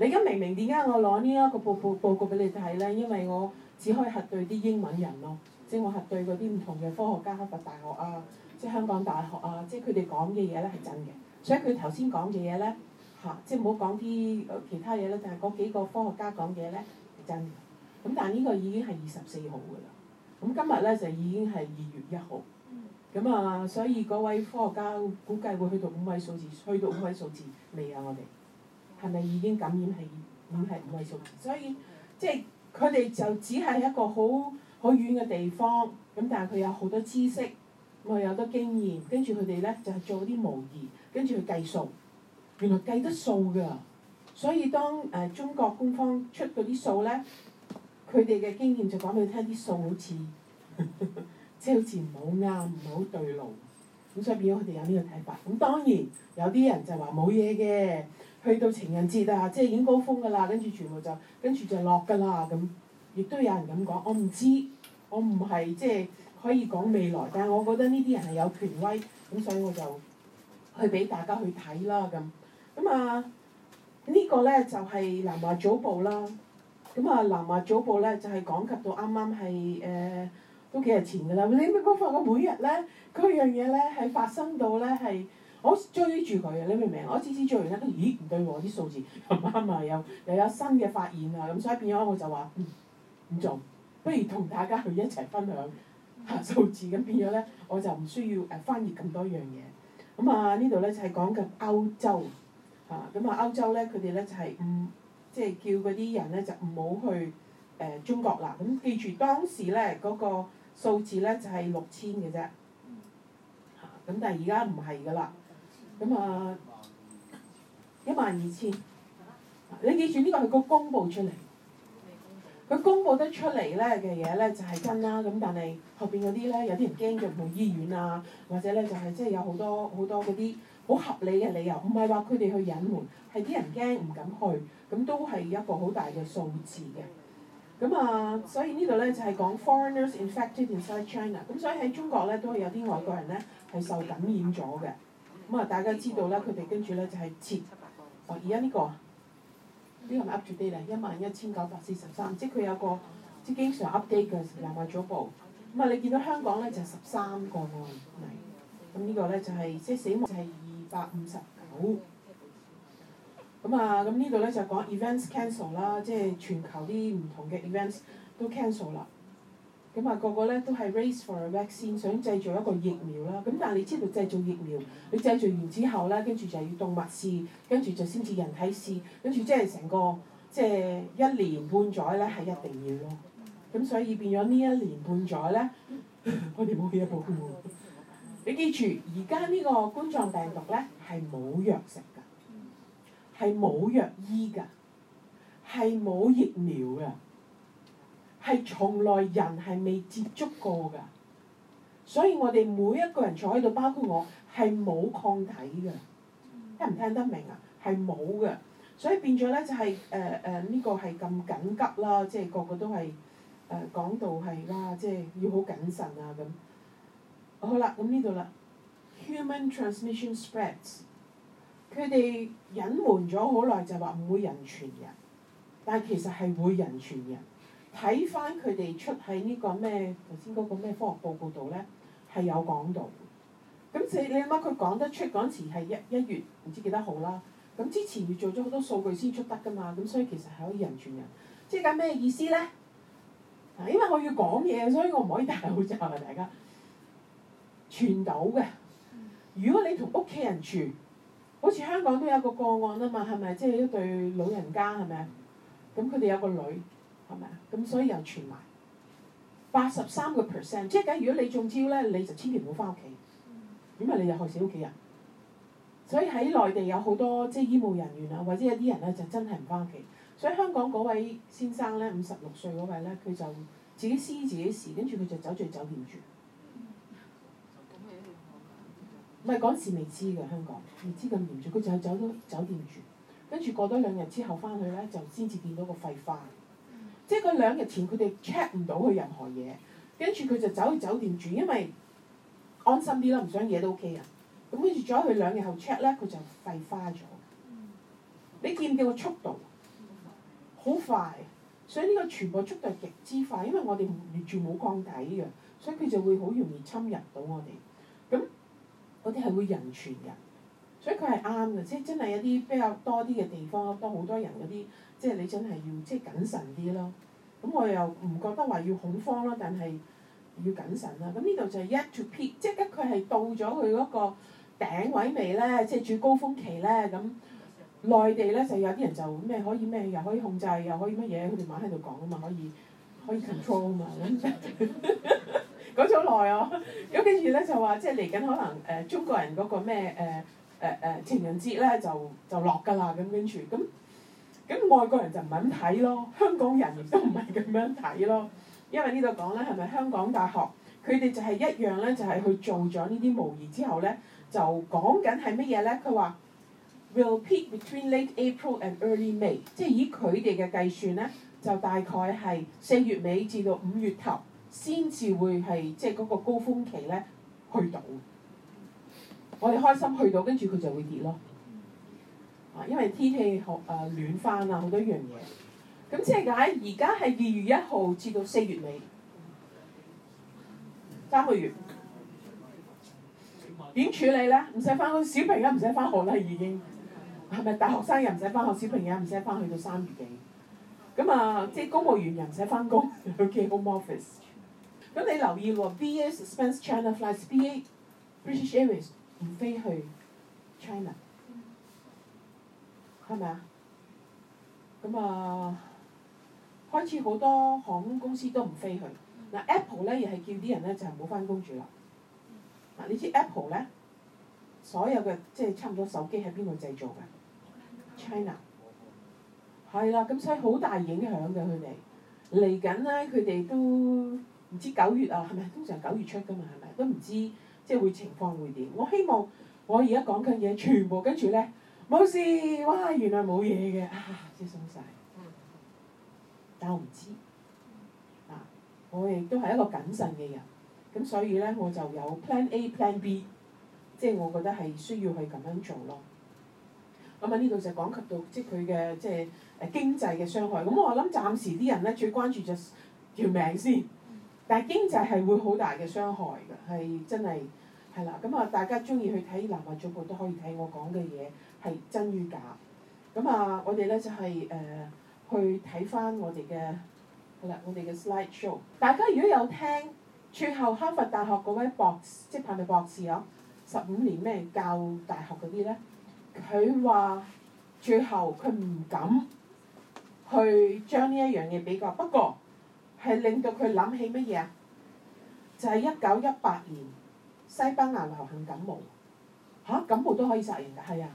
你咁明明點解我攞呢一個報報報告俾你睇咧？因為我只可以核對啲英文人咯，即我核對嗰啲唔同嘅科學家，哈佛大學啊，即香港大學啊，即佢哋講嘅嘢咧係真嘅。所以佢頭先講嘅嘢咧嚇，即係唔好講啲其他嘢咧，就係嗰幾個科學家講嘅嘢咧係真嘅。咁但係呢個已經係二十四號噶啦，咁今日咧就已經係二月一號。咁啊，所以嗰位科學家估計會去到五位數字，去到五位數字未啊？我哋。係咪已經感染係已經係五位數？所以即係佢哋就只係一個好好遠嘅地方，咁但係佢有好多知識，我有好多經驗，跟住佢哋咧就係做啲模擬，跟住去計數，原來計得數㗎。所以當誒、呃、中國官方出嗰啲數咧，佢哋嘅經驗就講俾你聽，啲數好似即係好似唔好啱唔好對路，咁所以變咗佢哋有呢個睇法。咁當然有啲人就話冇嘢嘅。去到情人節啊，即係已經高峰㗎啦，跟住全部就跟住就落㗎啦咁，亦都有人咁講，我唔知，我唔係即係可以講未來，但係我覺得呢啲人係有權威，咁所以我就去俾大家去睇啦咁，咁啊呢、呢個呢就係、是、南華早報啦，咁啊南華早報呢就係、是、講及到啱啱係誒都幾日前㗎啦，你有冇發覺每日呢，佢樣嘢呢係發生到呢係。我追住佢呀，你明唔明？我次次追完咧，咦唔對喎，啲數字唔啱啊！又又有新嘅發現啊！咁所以變咗我就話唔、嗯、做。」不如同大家去一齊分享吓數、啊、字。咁、嗯、變咗呢，我就唔需要誒、啊、翻譯咁多樣嘢。咁、嗯、啊呢度呢就係講緊歐洲嚇。咁啊歐、啊、洲呢，佢哋呢就係唔即係叫嗰啲人呢就唔好去誒、呃、中國啦。咁、啊、記住當時呢嗰、那個數字呢就係六千嘅啫嚇。咁、啊、但係而家唔係噶啦。咁啊，一萬二千，你記住呢個係個公佈出嚟，佢公佈得出嚟呢嘅嘢呢，就係真啦。咁但係後邊嗰啲呢，有啲人驚入唔到醫院啊，或者呢，就係即係有好多好多嗰啲好合理嘅理由，唔係話佢哋去隱瞞，係啲人驚唔敢去，咁都係一個好大嘅數字嘅。咁啊，所以呢度呢，就係講 foreigners infected inside China。咁所以喺中國呢，都係有啲外國人呢，係受感染咗嘅。咁啊、嗯，大家知道啦，佢哋跟住呢就係、是、切，哦，而家呢個，嗯、是是呢個咪 update 啲，一萬一千九百四十三，即係佢有個即係經常 update 嘅廿萬咗部。咁啊、嗯，你見到香港呢就十、是、三個案例，咁呢、嗯這個呢就係、是、即係死亡就係二百五十九。咁啊、嗯，咁、嗯嗯、呢度呢就講、是、events cancel 啦，即係全球啲唔同嘅 events 都 cancel 啦。咁啊，個個咧都係 race for a vaccine，想製造一個疫苗啦。咁但係你知道製造疫苗，你製造完之後咧，跟住就要動物試，跟住就先至人體試，跟住即係成個即係、就是、一年半載咧係一定要咯。咁所以變咗呢一年半載咧， 我哋冇記得到㗎。你記住，而家呢個冠狀病毒咧係冇藥食㗎，係冇藥醫㗎，係冇疫苗㗎。係從來人係未接觸過㗎，所以我哋每一個人坐喺度，包括我係冇抗體嘅，聽唔聽得明啊？係冇嘅，所以變咗咧就係誒誒呢個係咁緊急啦，即係個個都係誒、呃、講到係啦，即、啊、係、就係、要好謹慎啊咁。好啦，咁呢度啦，human transmission spreads，佢哋隱瞞咗好耐，就話唔會人傳人，但係其實係會人傳人。睇翻佢哋出喺呢個咩頭先嗰個咩科學報告度咧，係有講到。咁你你諗下佢講得出嗰陣時係一一月唔知幾多號啦。咁之前要做咗好多數據先出得噶嘛。咁所以其實係可以人傳人。即係講咩意思咧？啊，因為我要講嘢，所以我唔可以戴口罩啊！大家傳到嘅。如果你同屋企人傳，好似香港都有個個案啊嘛，係咪？即係一對老人家係咪啊？咁佢哋有個女。係咪啊？咁所以又傳埋八十三個 percent，即係如果你中招呢，你就千祈唔好翻屋企，咁咪你又害死屋企人。所以喺內地有好多即係醫務人員啊，或者有啲人呢就真係唔翻屋企。所以香港嗰位先生呢，五十六歲嗰位呢，佢就自己私自己事，跟住佢就走，走住、嗯、就走酒店住。唔係嗰陣時未知㗎，香港未知咁嚴重，佢就係走咗酒店住，跟住過咗兩日之後翻去呢，就先至見到個肺花。即係佢兩日前佢哋 check 唔到佢任何嘢，跟住佢就走去酒店住，因為安心啲啦，唔想嘢都 OK 啊。咁跟住再去佢兩日後 check 咧，佢就廢花咗。你見唔見個速度？好快，所以呢個傳播速度極之快，因為我哋完全冇抗體嘅，所以佢就會好容易侵入到我哋。咁我哋係會人傳人，所以佢係啱嘅，即係真係有啲比較多啲嘅地方，多好多人嗰啲。即係你真係要即係謹慎啲咯，咁我又唔覺得話要恐慌咯，但係要謹慎啦。咁呢度就係 yet to peak，即係一佢係到咗佢嗰個頂位未咧，即係最高峯期咧，咁內地咧就有啲人就咩可以咩又可以控制，又可以乜嘢，佢哋晚喺度講啊嘛，可以可以 control 啊嘛，講咗好耐啊。咁跟住咧就話即係嚟緊可能誒中國人嗰個咩誒誒誒情人節咧，就就落㗎啦，咁跟住，咁。咁外國人就唔肯睇咯，香港人亦都唔係咁樣睇咯，因為呢度講咧係咪香港大學佢哋就係一樣咧，就係、是、去做咗呢啲模擬之後咧，就講緊係乜嘢咧？佢話 Will peak between late April and early May，即係以佢哋嘅計算咧，就大概係四月尾至到五月頭先至會係即係嗰個高峰期咧去到。我哋開心去到，跟住佢就會跌咯。因為天氣好啊，暖翻啦，好多樣嘢。咁即係解而家係二月一號至到四月尾，三個月點處理咧？唔使返工，小朋友唔使返學啦，已經係咪？係咪大學生又唔使返學，小朋友唔使返去到三月幾？咁啊、呃，即公務員又唔使返工 OK，Home Office。咁你留意喎 ，BA British Airways 唔飛去 China。係咪啊？咁啊，開始好多航空公司都唔飛去。嗱，Apple 咧又係叫啲人咧就係唔好翻工住啦。嗱，你知 Apple 咧，所有嘅即係差唔多手機喺邊個製造㗎？China 係啦，咁所以好大影響㗎佢哋。嚟緊咧，佢哋都唔知九月啊，係咪通常九月出㗎嘛？係咪？都唔知即係會情況會點。我希望我而家講緊嘢，全部跟住咧。冇事，哇！原來冇嘢嘅，啊，即係鬆晒。但我唔知，啊，我亦都係一個謹慎嘅人，咁所以呢，我就有 Plan A、Plan B，即係我覺得係需要去咁樣做咯。咁喺呢度就講及到即係佢嘅即係經濟嘅傷害，咁我諗暫時啲人呢，最關注就條命先，但係經濟係會好大嘅傷害㗎，係真係係啦。咁啊，大家中意去睇《南華早報》都可以睇我講嘅嘢。係真與假，咁啊，我哋呢就係、是、誒、呃、去睇翻我哋嘅，好啦，我哋嘅 slide show。大家如果有聽，最後哈佛大學嗰位博士，即係係咪博士啊、哦？十五年咩教大學嗰啲呢？佢話最後佢唔敢去將呢一樣嘢比較，不過係令到佢諗起乜嘢啊？就係一九一八年西班牙流行感冒，嚇、啊、感冒都可以殺人㗎？係啊。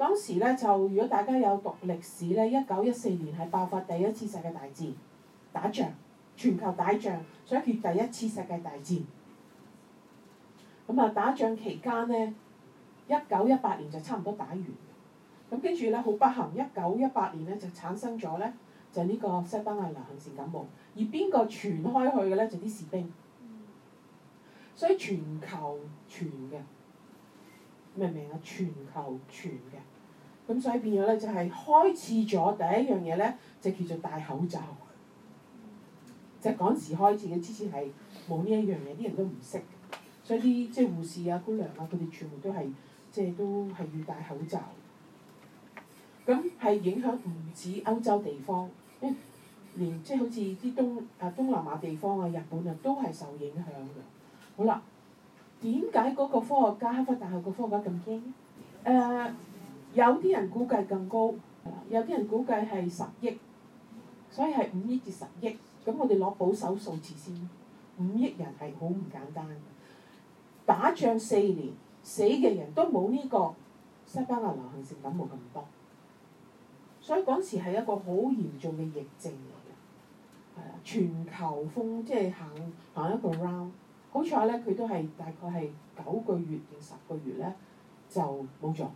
當時呢，就如果大家有讀歷史呢，一九一四年係爆發第一次世界大戰，打仗，全球打仗，所以叫第一次世界大戰。咁啊，打仗期間呢，一九一八年就差唔多打完。咁跟住呢，好不幸一九一八年呢就產生咗呢，就呢個西班牙流行性感冒。而邊個傳開去嘅呢，就啲士兵。所以全球傳嘅，明唔明啊？全球傳嘅。咁、嗯、所以變咗呢，就係、是、開始咗第一樣嘢呢，就叫做戴口罩。就嗰、是、時開始嘅，之前係冇呢一樣嘢，啲人都唔識。所以啲即係護士啊、姑娘啊，佢哋全部都係即係都係要戴口罩。咁、嗯、係影響唔止歐洲地方，嗯、連即係、就是、好似啲東啊東南亞地方啊、日本啊，都係受影響嘅。好啦，點解嗰個科學家哈佛大學個科學家咁驚？誒、呃？有啲人估計更高，有啲人估計係十億，所以係五億至十億。咁我哋攞保守數字先，五億人係好唔簡單。打仗四年，死嘅人都冇呢個西班牙流行性感冒咁多，所以嗰時係一個好嚴重嘅疫症嚟嘅，係啊，全球風即係行行一個 round。好彩咧，佢都係大概係九個月定十個月咧就冇咗。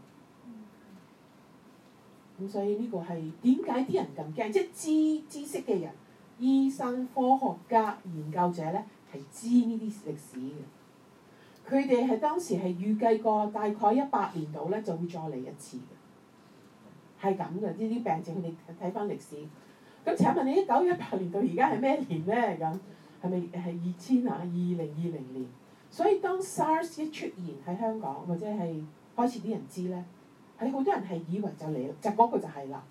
咁所以呢個係點解啲人咁驚？即係知知識嘅人，醫生、科學家、研究者咧係知呢啲歷史嘅。佢哋係當時係預計過大概一百年度咧就會再嚟一次嘅，係咁嘅。呢啲病症你睇返歷史。咁請問你一九一八年到而家係咩年咧？咁係咪係二千啊？二零二零年。所以當 SARS 一出現喺香港，或者係開始啲人知咧。係好多人係以為就嚟，就嗰個就係啦。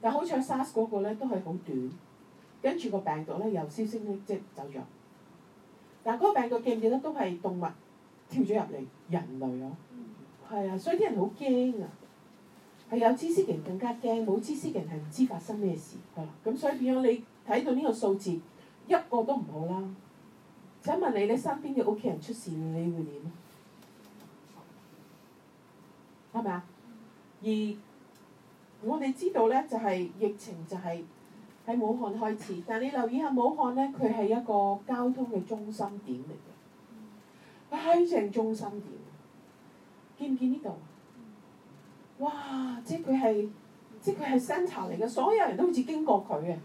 但好彩 SARS 嗰個呢，都係好短，跟住個病毒呢又銷聲匿跡走咗。但嗰個病毒記唔記得都係動物跳咗入嚟人類咯。係啊、嗯，所以啲人好驚啊。係有知識嘅人更加驚，冇知識嘅人係唔知發生咩事。咁所以變咗你睇到呢個數字一個都唔好啦。請問你你身邊嘅屋企人出事，你會點？係咪啊？而我哋知道呢，就係疫情就係喺武漢開始。但你留意下武漢呢，佢係一個交通嘅中心點嚟嘅，佢真正中心點。見唔見呢度？哇！即佢係即佢係 center 嚟嘅，所有人都好似經過佢嘅。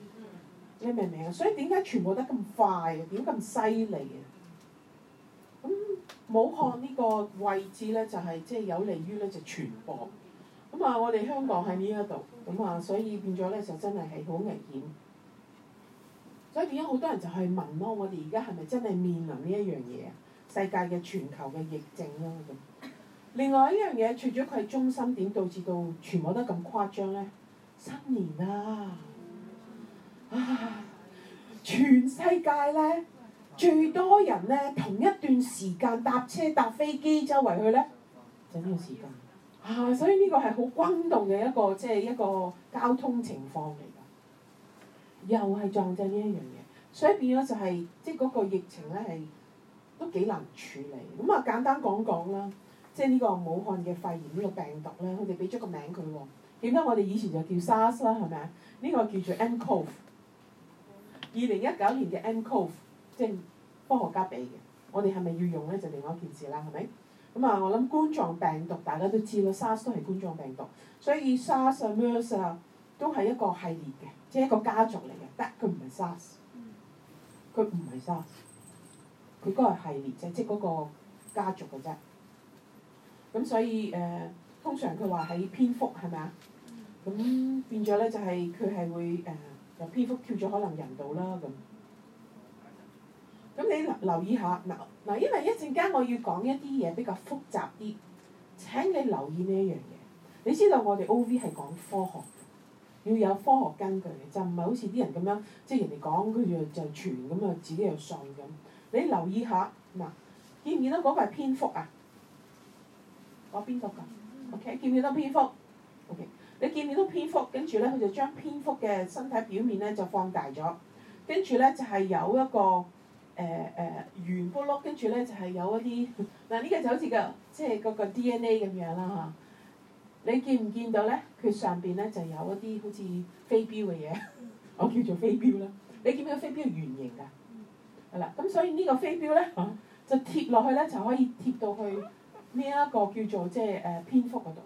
你明唔明啊？所以點解傳播得咁快啊？點咁犀利啊？咁武漢呢個位置呢，就係即有利於呢，就傳播。咁啊，我哋香港喺呢一度，咁啊，所以變咗呢就真係係好危險。所以變咗好多人就係問咯、啊，我哋而家係咪真係面臨呢一樣嘢？世界嘅全球嘅疫症咯。咁另外一樣嘢，除咗佢係中心點，導致到全部都咁誇張呢，新年啦、啊，啊，全世界呢，最多人呢，同一段時間搭車搭飛機周圍去呢，就呢個時間。啊，所以呢個係好轟動嘅一個，即係一個交通情況嚟㗎，又係撞正呢一樣嘢，所以變咗就係、是、即係嗰個疫情呢係都幾難處理。咁啊簡單講講啦，即係呢個武漢嘅肺炎呢個病毒呢，佢哋俾咗個名佢喎，點解我哋以前就叫 SARS 啦？係咪啊？呢個叫做 nCoV，二零一九年嘅 nCoV，即係科學家俾嘅，我哋係咪要用呢？就另外一件事啦，係咪？咁啊、嗯，我諗冠狀病毒大家都知啦，SARS 都係冠狀病毒，所以 SARS 同、啊、MERS、啊、都係一個系列嘅，即係一個家族嚟嘅。但係佢唔係 SARS，佢唔係 SARS，佢都係系列啫，即係嗰個家族嘅啫。咁所以誒、呃，通常佢話喺蝙蝠係咪啊？咁變咗呢、就係，就係佢係會誒由、呃、蝙蝠跳咗可能人度啦咁。咁你留意下，嗱嗱，因為一陣間我要講一啲嘢比較複雜啲，請你留意呢一樣嘢。你知道我哋 O.V 係講科學，要有科學根據，就唔係好似啲人咁樣，即係人哋講佢就就傳咁啊，自己又信咁。你留意下，嗱，見唔見到嗰個係蝙蝠啊？我蝙蝠㗎，OK，見唔見到蝙蝠？OK，你見唔見到蝙蝠？跟住呢，佢就將蝙蝠嘅身體表面呢就放大咗，跟住呢，就係有一個。誒誒圓卜轆跟住咧就係、是、有一啲嗱，呢個就好似、就是就是、個即係嗰個 DNA 咁樣啦嚇、啊。你見唔見到咧？佢上邊咧就有一啲好似飛鏢嘅嘢， 我叫做飛鏢啦。你見唔見飛鏢係圓形㗎？係啦、嗯，咁所以呢個飛鏢咧、啊、就貼落去咧就可以貼到去呢一個叫做即係誒蝙蝠嗰度。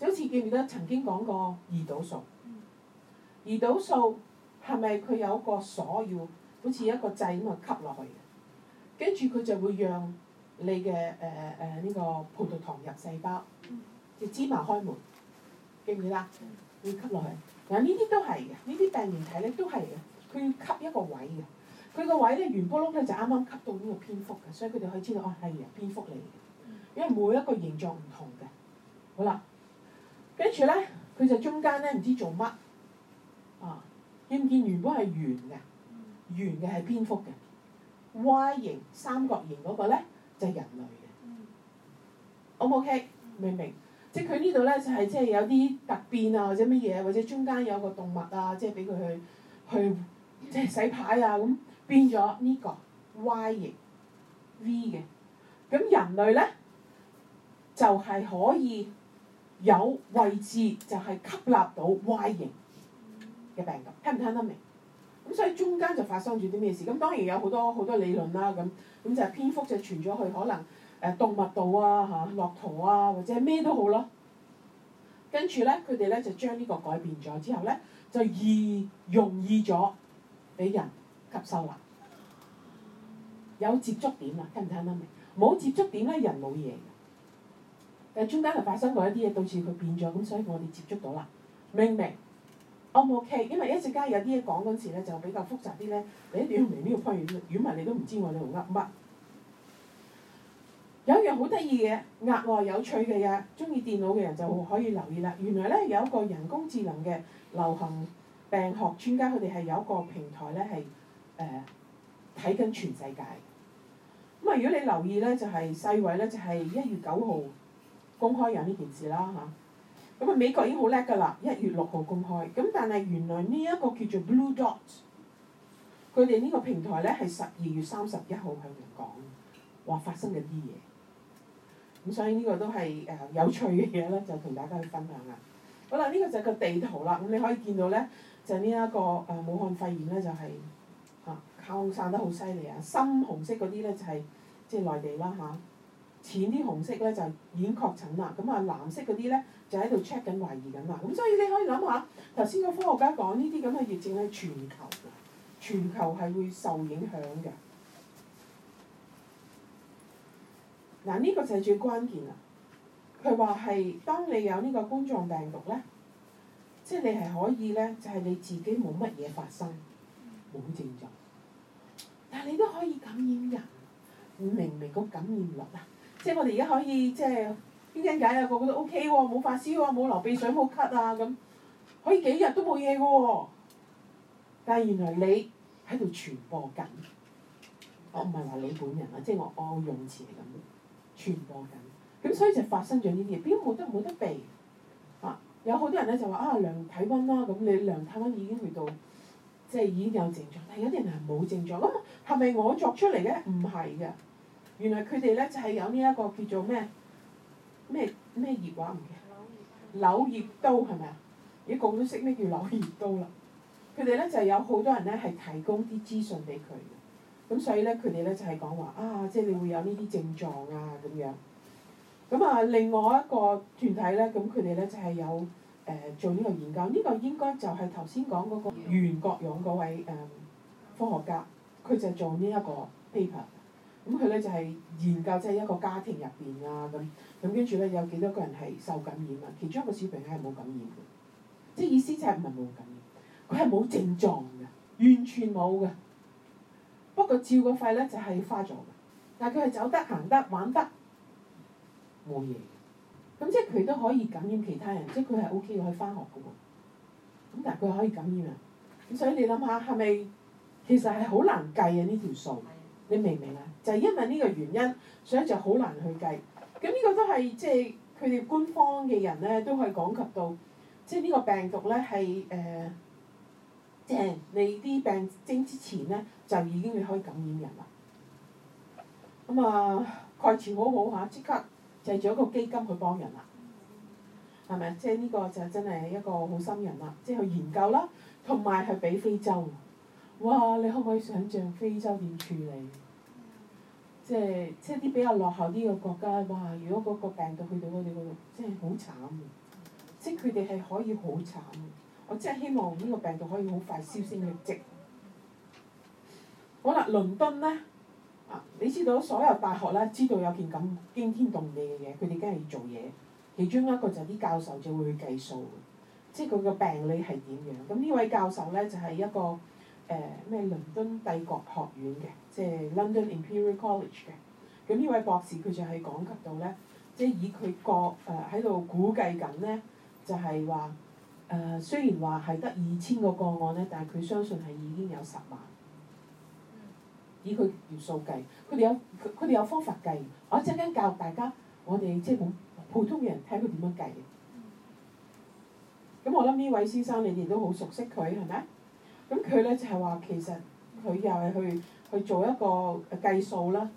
就好似記唔記得曾經講過胰島素？嗯、胰島素係咪佢有個鎖要？好似一個掣咁啊，吸落去，跟住佢就會讓你嘅誒誒呢個葡萄糖入細胞嘅、嗯、芝麻開門，記唔記得？要、嗯、吸落去嗱，呢、啊、啲都係嘅，呢啲病原體咧都係嘅，佢要吸一個位嘅，佢個位咧圓波碌咧就啱啱吸到呢個蝙蝠嘅，所以佢哋可以知道哦係、啊、蝙蝠嚟嘅，嗯、因為每一個形狀唔同嘅，好啦，跟住咧佢就中間咧唔知做乜啊，見唔見原本圓波係圓嘅？圓嘅係蝙蝠嘅，Y 型三角形個咧就係、是、人類嘅，O 唔 OK？明唔明？Mm hmm. 即係佢呢度咧就係即係有啲突變啊或者乜嘢，或者中間有個動物啊，即係俾佢去去,去即係洗牌啊咁變咗呢、這個 Y 型 V 嘅，咁人類咧就係、是、可以有位置就係吸納到 Y 型嘅病毒，聽唔聽得明？咁所以中間就發生住啲咩事？咁當然有好多好多理論啦，咁咁就係蝙蝠就傳咗去可能誒、呃、動物度啊，嚇、啊，駱駝啊，或者咩都好咯。跟住呢，佢哋呢就將呢個改變咗之後呢，就易容易咗俾人吸收啦。有接觸點啦、啊，聽唔聽得明？冇接觸點呢、啊？人冇嘢。但係中間就發生過一啲嘢，導致佢變咗，咁所以我哋接觸到啦，明唔明？O 唔 O K？因為一陣間有啲嘢講嗰陣時呢，就比較複雜啲咧。誒，你一定要明呢個區縣，縣民你都唔知我哋會噏乜。有一樣好得意嘅，額外有趣嘅嘢，中意電腦嘅人就可以留意啦。原來呢，有一個人工智能嘅流行病學專家，佢哋係有一個平台呢，係誒睇緊全世界。咁啊，如果你留意呢，就係、是、世衛呢，就係、是、一月九號公開有呢件事啦咁啊、嗯，美國已經好叻㗎啦！一月六號公開，咁但係原來呢一個叫做 Blue Dot，佢哋呢個平台呢係十二月三十一號喺度講，哇！發生嗰啲嘢，咁所以呢個都係、呃、有趣嘅嘢呢，就同大家去分享啦。好啦，呢、這個就係個地圖啦，咁你可以見到呢，就呢、是、一、這個、呃、武漢肺炎呢，就係嚇擴散得好犀利啊！深紅色嗰啲呢，就係即係內地啦嚇、啊，淺啲紅色呢，就已、是、經確診啦。咁啊藍色嗰啲呢。就喺度 check 緊懷疑緊嘛，咁所以你可以諗下頭先個科學家講呢啲咁嘅疫症咧，全球，全球係會受影響嘅。嗱、啊、呢、呢個就係最關鍵啦。佢話係當你有呢個冠狀病毒呢，即係你係可以呢，就係、是、你自己冇乜嘢發生，冇症狀，但係你都可以感染人。你明唔明個感染率啊？即係我哋而家可以即係。點解啊？個個都 O K 喎，冇發燒喎，冇流鼻水，冇咳啊咁，可以幾日都冇嘢嘅喎。但係原來你喺度傳播緊，我唔係話你本人啊，即係我我用詞係咁，傳播緊。咁所以就發生咗呢啲嘢。邊個冇得冇得避啊？有好多人咧就話啊量體温啦，咁你量體温已經去到即係已經有症狀，但係有啲人係冇症狀。咁係咪我作出嚟嘅？唔係嘅，原來佢哋呢就係有呢一個叫做咩？咩咩葉話唔記得，啊、柳葉刀係咪啊？而家講咗識咩叫柳葉刀啦。佢哋呢就有好多人呢係提供啲資訊俾佢，咁所以呢，佢哋呢就係、是、講話啊，即係你會有呢啲症狀啊咁樣。咁啊，另外一個團體呢，咁佢哋呢就係、是、有誒、呃、做呢個研究，呢、這個應該就係頭先講嗰個袁國勇嗰位、呃、科學家，佢就做呢一個 paper。咁佢咧就係研究即係一個家庭入邊啊，咁咁跟住咧有幾多個人係受感染啊？其中一個小朋友係冇感染嘅，即係意思就係唔係冇感染，佢係冇症狀嘅，完全冇嘅。不過照個肺咧就係花咗嘅，但係佢係走得行得玩得冇嘢。咁即係佢都可以感染其他人，即係佢係 OK 可以返學嘅喎。咁但係佢可以感染啊，咁所以你諗下係咪其實係好難計啊呢條數？你明唔明啊？就係、因為呢個原因，所以就好難去計。咁呢個都係即係佢哋官方嘅人呢都係講及到，即係呢個病毒咧係誒，正、呃就係、你啲病徵之前呢，就已經可以感染人啦。咁、嗯呃、啊，蓋茨好好下，即刻製咗一個基金去幫人啦，係咪？即係呢個就真係一個好心人啦，即、就、係、去、研究啦，同埋去俾非洲。哇！你可唔可以想象非洲點處理？即係即係啲比較落後啲嘅國家，哇！如果嗰個病毒去到我哋嗰度，真係好慘。即係佢哋係可以好慘。我真係希望呢個病毒可以好快消聲滅跡，嗯。好啦，倫敦呢，啊，你知道所有大學呢，知道有件咁驚天動地嘅嘢，佢哋梗係要做嘢。其中一個就係啲教授就會去計數嘅，即係佢個病理係點樣。咁呢位教授呢，就係一個。誒咩、呃？倫敦帝國學院嘅，即係 London Imperial College 嘅。咁、嗯、呢位博士佢就係講及到呢，即係以佢個誒喺度估計緊呢，就係話誒雖然話係得二千個個案呢，但係佢相信係已經有十萬。以佢條數計，佢哋有佢哋有方法計。我一陣間教大家，我哋即係普通嘅人睇佢點樣計嘅。咁我諗呢位先生你哋都好熟悉佢係咪？咁佢呢就係話，其實佢又係去去做一個計數啦。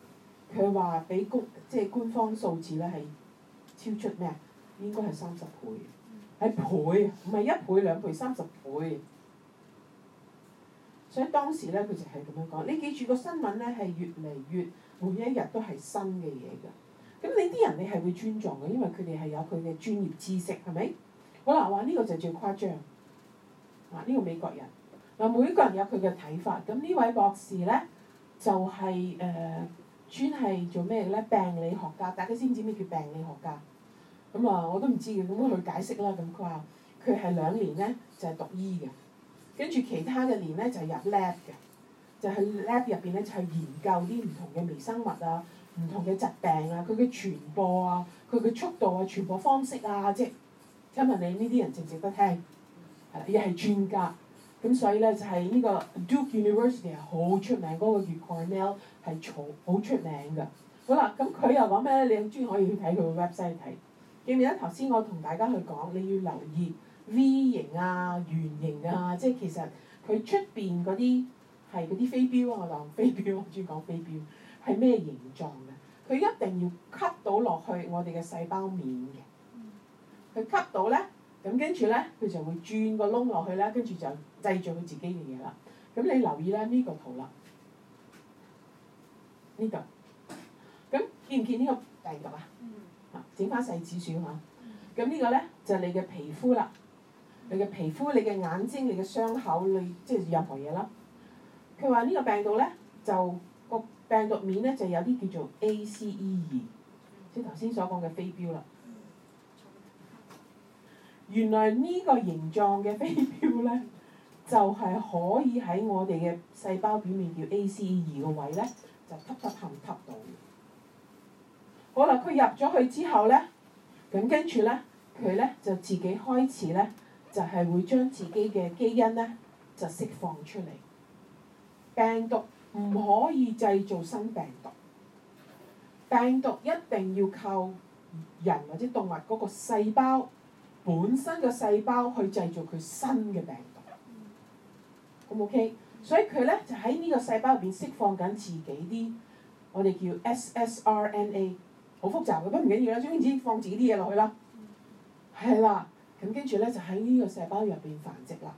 佢話俾官即係官方數字呢係超出咩啊？應該係三十倍，係倍唔係一倍兩倍三十倍。所以當時呢，佢就係咁樣講。你記住個新聞呢係越嚟越每一日都係新嘅嘢㗎。咁你啲人你係會尊重㗎，因為佢哋係有佢嘅專業知識，係咪？好難話呢個就最誇張啊！呢個美國人。嗱，每個人有佢嘅睇法。咁呢位博士咧就係、是、誒、呃、專係做咩嘅咧？病理學家，大家先知咩叫病理學家。咁啊，我都唔知嘅，咁佢去解釋啦。咁佢話佢係兩年咧就係、是、讀醫嘅，跟住其他嘅年咧就是、入 lab 嘅，就係 lab 入邊咧就係、是、研究啲唔同嘅微生物啊、唔同嘅疾病啊，佢嘅傳播啊、佢嘅速度啊、傳播方式啊，即係。請問你呢啲人值唔值得聽？係啦，亦係專家。咁所以咧就係、是、呢個 Duke University 係好出名，嗰、那個叫 Cornell 係草好出名嘅。好啦，咁佢又話咩咧？你專可以去睇佢個 website 睇。記唔記得頭先我同大家去講，你要留意 V 型啊、圓形啊，即係其實佢出邊嗰啲係嗰啲飛鏢啊，我講飛鏢，我鍾意講飛鏢係咩形狀嘅？佢一定要 cut 到落去我哋嘅細胞面嘅，佢 cut 到咧，咁跟住咧佢就會轉個窿落去咧，跟住就。製造佢自己嘅嘢啦，咁你留意啦，呢、這個圖啦，呢度，咁見唔見呢個病毒啊？啊、mm，整、hmm. 翻細指數嘛。咁呢、mm hmm. 個呢，就係、是、你嘅皮膚啦，mm hmm. 你嘅皮膚、你嘅眼睛、你嘅傷口、你即係、就是、任何嘢啦。佢話呢個病毒呢，就個病毒面呢，就有啲叫做 ACE2，即係頭先所講嘅飛鏢啦。Mm hmm. 原來呢個形狀嘅飛鏢呢。就係可以喺我哋嘅細胞表面叫 ACE2 個位呢，就吸得入，吸到。好啦，佢入咗去之後呢，咁跟住呢，佢呢就自己開始呢，就係、是、會將自己嘅基因呢，就釋放出嚟。病毒唔可以製造新病毒，病毒一定要靠人或者動物嗰個細胞本身嘅細胞去製造佢新嘅病毒。好 OK，所以佢呢就喺呢個細胞入邊釋放緊自己啲我哋叫 ssRNA，好複雜嘅，不過唔緊要啦，總之放自己啲嘢落去啦，係啦，嗯，咁跟住呢就喺呢個細胞入邊繁殖啦，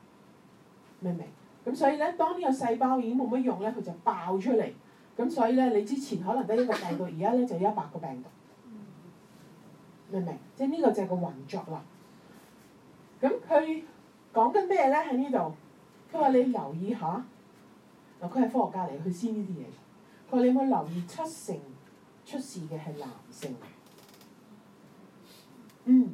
明唔明？咁所以呢，當呢個細胞已經冇乜用呢，佢就爆出嚟，咁所以呢，你之前可能得一個病毒，而家呢就有一百個病毒，明唔明？即係呢個就係個運作啦。咁佢講緊咩呢？喺呢度？佢話你留意下，嗱，佢係科學家嚟，佢先呢啲嘢。佢話你冇留意，七成出事嘅係男性，嗯，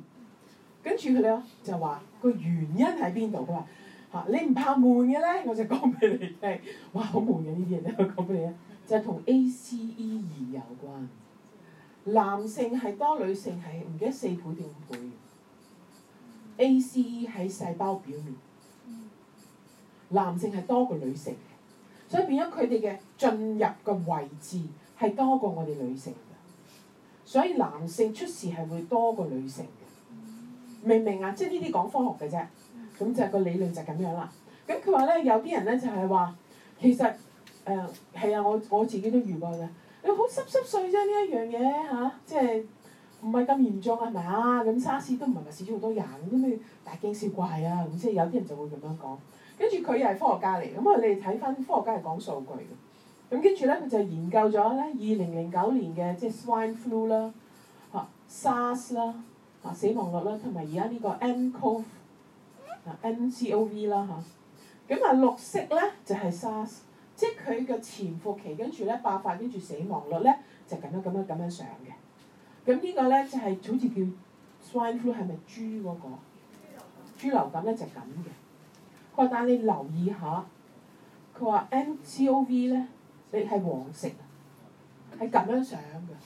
跟住佢咧就話個原因喺邊度？佢話嚇你唔怕悶嘅咧，我就講俾你聽。哇，好悶嘅呢啲嘢，我講俾你聽，就係同 ACE 二有關，男性係多，女性係唔記得四倍定五倍。ACE 喺細胞表面。男性係多過女性嘅，所以變咗佢哋嘅進入嘅位置係多過我哋女性嘅，所以男性出事係會多過女性嘅。明唔明啊？即係呢啲講科學嘅啫，咁就係個理論就係咁樣啦。咁佢話咧，有啲人咧就係、是、話，其實誒係、呃、啊，我我自己都遇過嘅。你好濕濕碎啫，呢一樣嘢嚇，即係唔係咁嚴重係咪啊？嘛，咁沙士都唔係話死咗好多人，咁你大驚小怪啊？咁即係有啲人就會咁樣講。跟住佢又係科學家嚟，咁佢你哋睇翻科學家係講數據嘅，咁跟住咧佢就研究咗咧二零零九年嘅即係 swine flu 啦吓 SARS 啦吓死亡率啦，同埋而家呢個 NCoV NCoV 啦吓，咁啊綠色咧就係 SARS，即係佢嘅潛伏期跟住咧爆發跟住死亡率咧就咁樣咁樣咁樣上嘅，咁呢個咧就係好似叫 swine flu 係咪豬嗰個豬流感咧就咁嘅。但係你留意下，佢話 MCOV 呢，你係黃色，係咁樣上嘅。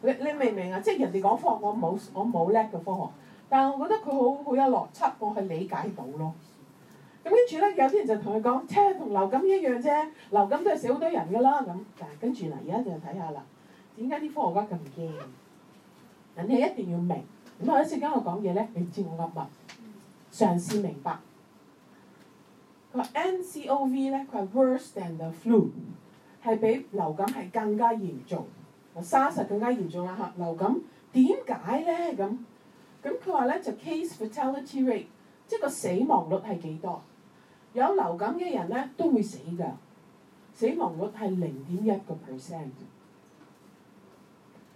你你明唔明啊？即人哋講科學我，我冇我冇叻嘅科學，但係我覺得佢好好有邏輯，我係理解到咯。咁跟住呢，有啲人就同佢講：啫同流感一樣啫，流感都係死好多人㗎啦。咁，但係跟住嗱，而家就睇下啦，點解啲科學家咁驚？人哋一定要明。咁我一陣間我講嘢呢，你知我噏乜？上次明白，佢話 NCOV 咧，佢話 worse than the flu，係比流感係更加嚴重，沙士更加嚴重啦吓，流感點解咧咁？咁佢話咧就 case fatality rate，即係個死亡率係幾多？有流感嘅人咧都會死㗎，死亡率係零點一個 percent。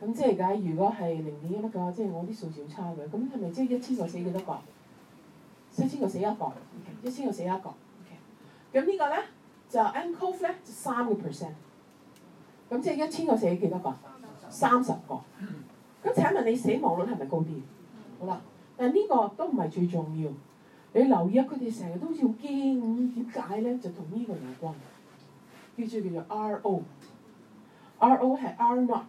咁即係而家，如果係零點一個，即係我啲數字好差嘅，咁係咪即係一千就死幾多個？一千個死一個，一、okay，千個死一個。咁、okay. 呢個咧就 encov 咧就三個 percent。咁即係一千個死幾多個？三十 30. 個。咁 請問你死亡率係咪高啲？好啦，但係呢個都唔係最重要。你要留意下佢哋成日都好似好驚，點解咧？就同呢個有關。記叫做叫做 R O。R O 係 R not。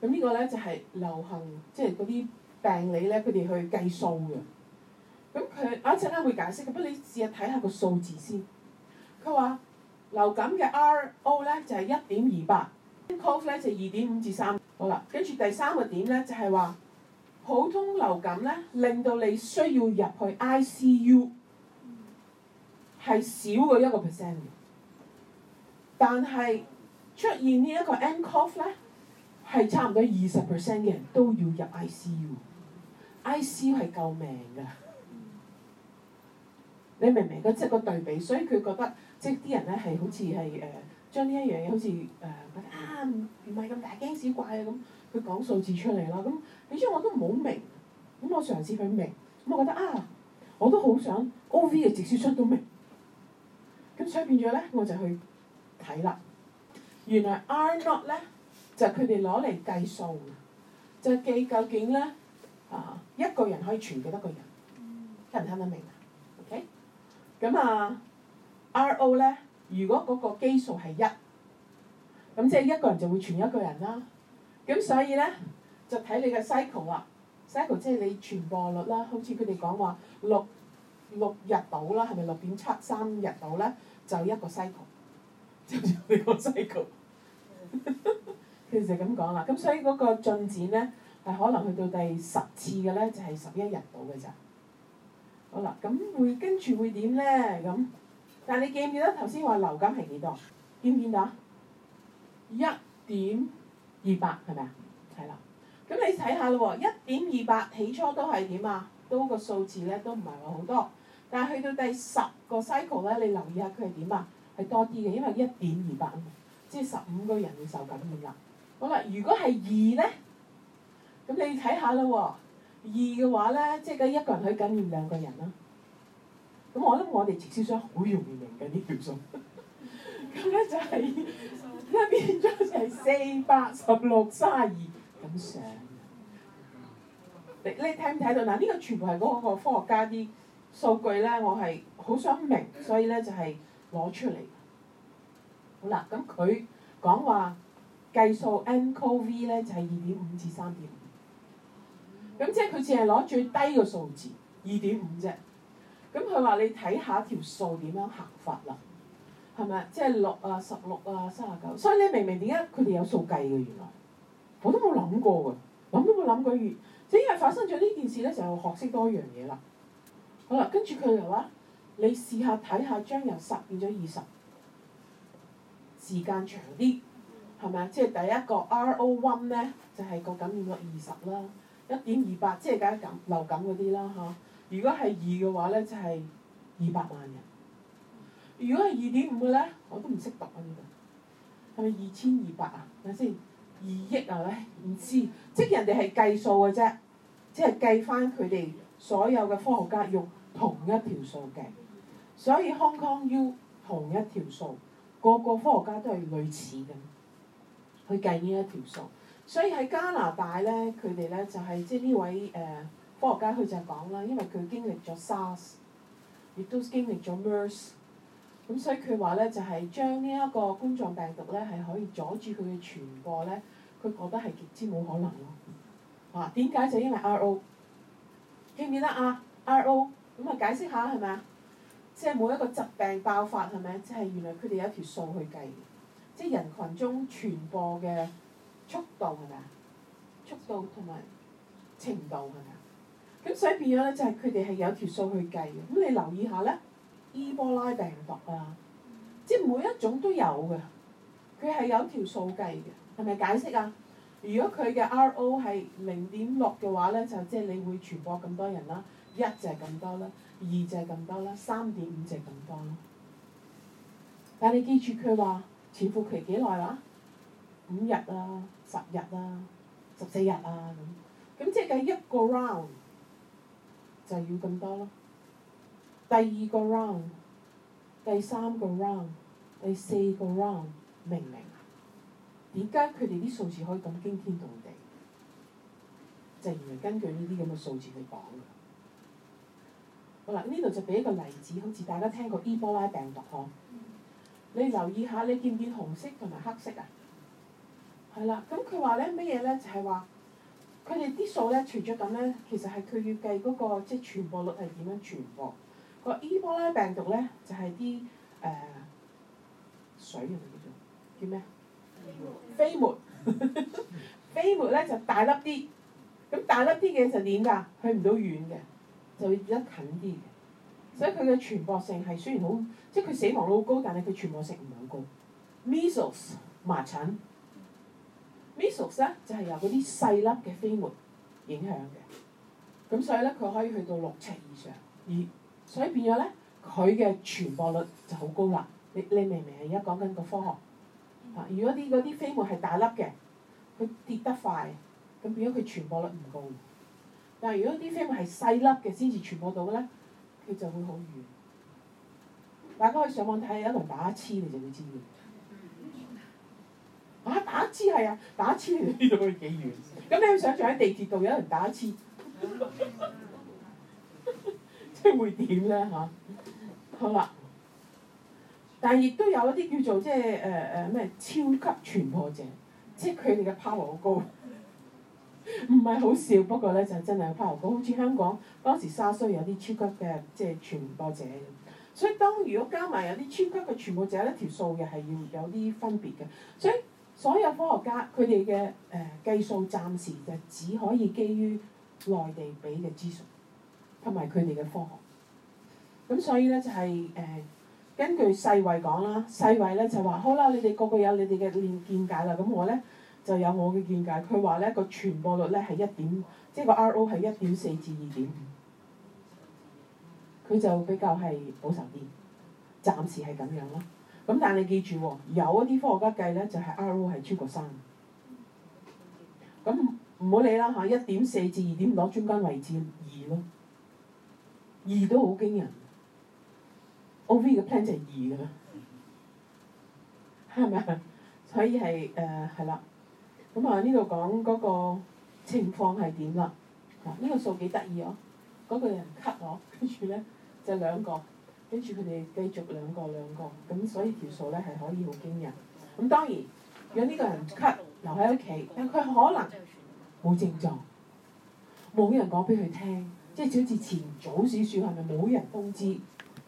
咁呢個咧就係、是、流行，即係嗰啲病理咧，佢哋去計數嘅。咁佢啊一陣間會解釋嘅，不過你試下睇下個數字先。佢話流感嘅 R O 咧就係一點二八，nCoV 咧就二點五至三。好啦，跟住第三個點咧就係、是、話普通流感咧令到你需要入去 I C U 係少過一個 percent 嘅，但係出現 M CO 呢一個 nCoV 咧係差唔多二十 percent 嘅人都要入 I C U，I C U 係救命㗎。你明唔明？個即係個對比，所以佢覺得即係啲人咧係好似係誒，將呢一樣嘢好似誒啊，唔係咁大驚小怪啊咁，佢講數字出嚟啦。咁你知我都唔好明，咁我嘗試去明，我覺得啊，我都好想 O V 就直接出到明。咁所以變咗咧，我就去睇啦。原來 R0 咧就係佢哋攞嚟計數，就係計究竟咧啊一個人可以傳幾多個人？聽唔聽得明？咁啊，R O 呢，如果嗰個基數係一，咁即係一個人就會傳一個人啦。咁所以呢，就睇你嘅 cycle 啊，cycle 即係你傳播率啦。好似佢哋講話六六日到啦，係咪六點七三日到呢，就一個 cycle，就住我哋個 cycle。佢 就咁講啦。咁所以嗰個進展呢，係可能去到第十次嘅呢，就係十一日到嘅咋。好啦，咁會跟住會點咧？咁，但係你記唔記得頭先話流感係幾多？見唔見到一點二八係咪啊？係啦，咁你睇下咯喎，一點二八起初都係點啊？都個數字咧都唔係話好多，但係去到第十個 cycle 咧，你留意下佢係點啊？係多啲嘅，因為一點二八啊嘛，即係十五個人會受感染啦。好啦，如果係二咧，咁你睇下咯喎。二嘅話呢，即係一個人睇緊要兩個人啦。咁我覺得我哋直銷商好容易明緊 呢條數。咁呢就係、是，一 變咗就係四八十六三二咁上。 你你睇唔睇到嗱？呢、啊這個全部係嗰個科學家啲數據呢，我係好想明，所以呢就係、是、攞出嚟。好啦，咁佢講話計數 nCoV 呢，就係二點五至三點。3. 咁即係佢淨係攞最低嘅數字二點五啫。咁佢話你睇下條數點樣行法啦，係咪？即係六啊、十六啊、三啊九。所以你明明點解佢哋有數計嘅原來？我都冇諗過嘅，諗都冇諗過。而即係因為發生咗呢件事咧，就學識多一樣嘢啦。好啦，跟住佢又話：你試下睇下將由十變咗二十，時間長啲，係咪啊？即係第一個 R O One 咧，就係個感染率二十啦。一點二八，1 1. 28，即係梗係感流感嗰啲啦。如果係二嘅話呢就係二百萬人。如果係二點五嘅呢，我都唔識讀啊！呢個係咪二千二百啊？等先二億，係咪？啊哎、唔知，即係人哋係計數嘅啫，即係計翻佢哋所有嘅科學家用同一條數計，所以 Hong Kong U 同一條數，個個科學家都係類似咁去計呢一條數。所以喺加拿大呢，佢哋呢就係、是、即係呢位誒、呃、科學家，佢就係講啦，因為佢經歷咗 SARS，亦都經歷咗 MERS，咁所以佢話呢，就係將呢一個冠狀病毒呢，係可以阻住佢嘅傳播呢，佢覺得係極之冇可能。啊，點解就因為 R.O. 記唔記得啊？R.O. 咁啊解釋下係咪啊？即係、就是、每一個疾病爆發係咪、就是？即係原來佢哋有一條數去計，即係人群中傳播嘅。速度係咪啊？速度同埋程度係咪啊？咁所以變咗呢，就係佢哋係有條數去計嘅。咁你留意下呢，伊波拉病毒啊，即係每一種都有嘅，佢係有條數計嘅，係咪解釋啊？如果佢嘅 R.O 係零點六嘅話呢，就即係你會傳播咁多人啦、啊，一就係咁多啦，二就係咁多啦，三點五就係咁多啦。但係你記住佢話潛伏期幾耐啦？五日啊！十日啦、啊，十四日啦、啊，咁，咁即係嘅一個 round 就要咁多咯。第二個 round、第三個 round、第四個 round，明唔明？點解佢哋啲數字可以咁驚天動地？就係、是、原來根據呢啲咁嘅數字去講嘅。好啦，呢度就俾一個例子，好似大家聽過伊波拉病毒嗬。你留意下，你見唔見紅色同埋黑色啊？係啦，咁佢話咧咩嘢咧？就係話佢哋啲數咧傳咗緊咧，其實係佢要計嗰、那個即係、就是、傳播率係點樣傳播。個伊波拉病毒咧就係啲誒水嘅叫做叫咩啊？飛沫飛沫咧就大粒啲，咁大粒啲嘅就點㗎？去唔到遠嘅，就會近啲嘅。所以佢嘅傳播性係雖然好，即係佢死亡率好高，但係佢傳播性唔係好高。Measles 麻疹。 v i s 微 s 咧就係由嗰啲細粒嘅飛沫影響嘅，咁所以咧佢可以去到六尺以上，而所以變咗咧佢嘅傳播率就好高啦。你你明唔明啊？而家講緊個科學，嚇、啊，如果啲嗰啲飛沫係大粒嘅，佢跌得快，咁變咗佢傳播率唔高。但、啊、係如果啲飛沫係細粒嘅先至傳播到嘅咧，佢就會好遠。大家可以上網睇下，一人打一次，你就會知嘅。啊！打一支係啊，打一支你都唔知道佢幾遠。咁你想象喺地鐵度有人打一支，即係會點呢？嚇、啊，好啦。但係亦都有一啲叫做即係誒誒咩超級傳播者，即係佢哋嘅 power 好高。唔、嗯、係 好笑，不過呢，就係、真係 power 高，好似香港當時沙士有啲超級嘅即係傳播者。所以當如果加埋有啲超級嘅傳播者呢，條數又係要有啲分別嘅。所以。所以所有科學家佢哋嘅誒計數暫時就只可以基於內地俾嘅資訊，同埋佢哋嘅科學。咁所以呢，就係、是、誒、呃、根據世衛講啦，世衛呢就話好啦，你哋個個有你哋嘅見解啦，咁我呢，就有我嘅見解。佢話呢個傳播率呢係一點，即係個 R O 係一點四至二點五，佢就比較係保守啲，暫時係咁樣咯。咁但係你記住喎，有一啲科學家計呢，就係、是、RO 係超過三，咁唔好理啦吓，一點四至二點五中間位置二咯，二都好驚人，OV 嘅 plan 就係二㗎，係咪啊？所以係誒係啦，咁啊呢度講嗰個情況係點啦？嗱、這、呢個數幾得意哦，嗰、那個人 cut 我，跟住呢，就兩個。跟住佢哋繼續兩個兩個，咁所以條數呢係可以好驚人。咁當然，如果呢個人咳留喺屋企，但佢可能冇症狀，冇人講俾佢聽，即係就好似前早子樹係咪冇人通知？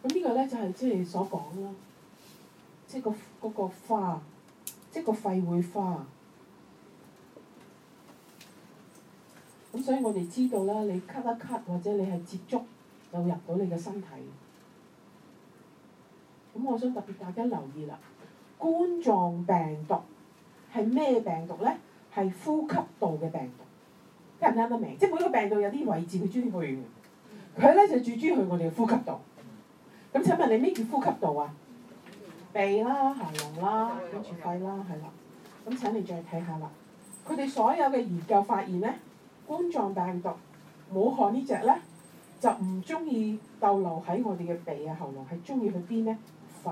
咁呢個呢，就係即係你所講咯，即係個嗰花，即係個肺會花。咁所以我哋知道啦，你咳一咳或者你係接觸就入到你嘅身體。咁我想特別大家留意啦，冠狀病毒係咩病毒咧？係呼吸道嘅病毒，聽唔聽得明？即係每個病毒有啲位置佢專去嘅，佢咧就主專去我哋嘅呼吸道。咁請問你咩叫呼吸道啊？嗯、鼻啦子、喉嚨啦、跟住肺啦，係啦後。咁子請你再睇下啦，佢哋所有嘅研究發現咧，冠狀病毒、武漢呢隻咧，就唔中意逗留喺我哋嘅鼻啊喉嚨，係中意去邊咧？肺，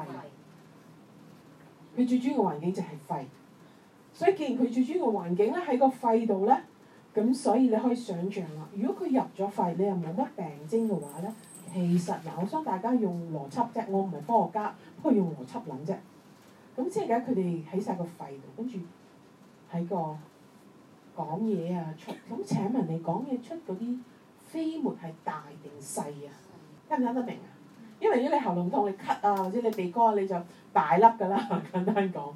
佢最主要嘅環境就係肺，所以既然佢最主要嘅環境呢喺個肺度呢，咁所以你可以想象啦。如果佢入咗肺，你又冇乜病徵嘅話呢，其實我想大家用邏輯啫，我唔係科學家，不過用邏輯諗啫。咁即係而家佢哋喺晒個肺度，跟住喺個講嘢啊出？咁請問你講嘢出嗰啲飛沫係大定細啊？聽唔聽得明啊？因為如果你喉嚨痛，你咳啊，或者你鼻哥，你就大粒噶啦，簡單講。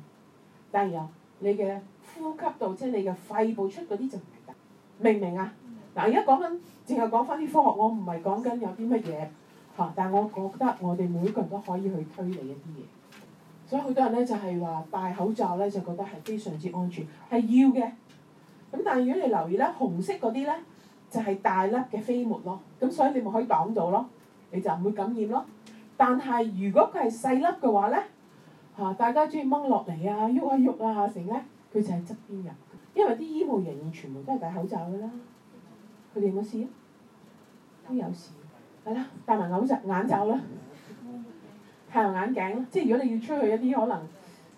第二個，你嘅呼吸道，即係你嘅肺部出嗰啲就唔係㗎，明唔明啊？嗱、嗯，而家講緊淨係講翻啲科學，我唔係講緊有啲乜嘢嚇，但係我覺得我哋每個人都可以去推理一啲嘢。所以好多人咧就係、是、話戴口罩咧就覺得係非常之安全，係要嘅。咁但係如果你留意咧，紅色嗰啲咧就係、是、大粒嘅飛沫咯，咁所以你咪可以擋到咯，你就唔會感染咯。但係如果佢係細粒嘅話咧，嚇大家中意掹落嚟啊，喐一喐啊成咧，佢就係側邊入。因為啲醫務人員全部都係戴口罩㗎啦，佢哋有事啊，都有事。係啦，戴埋口罩眼罩啦，戴埋眼鏡啦。即係如果你要出去一啲可能，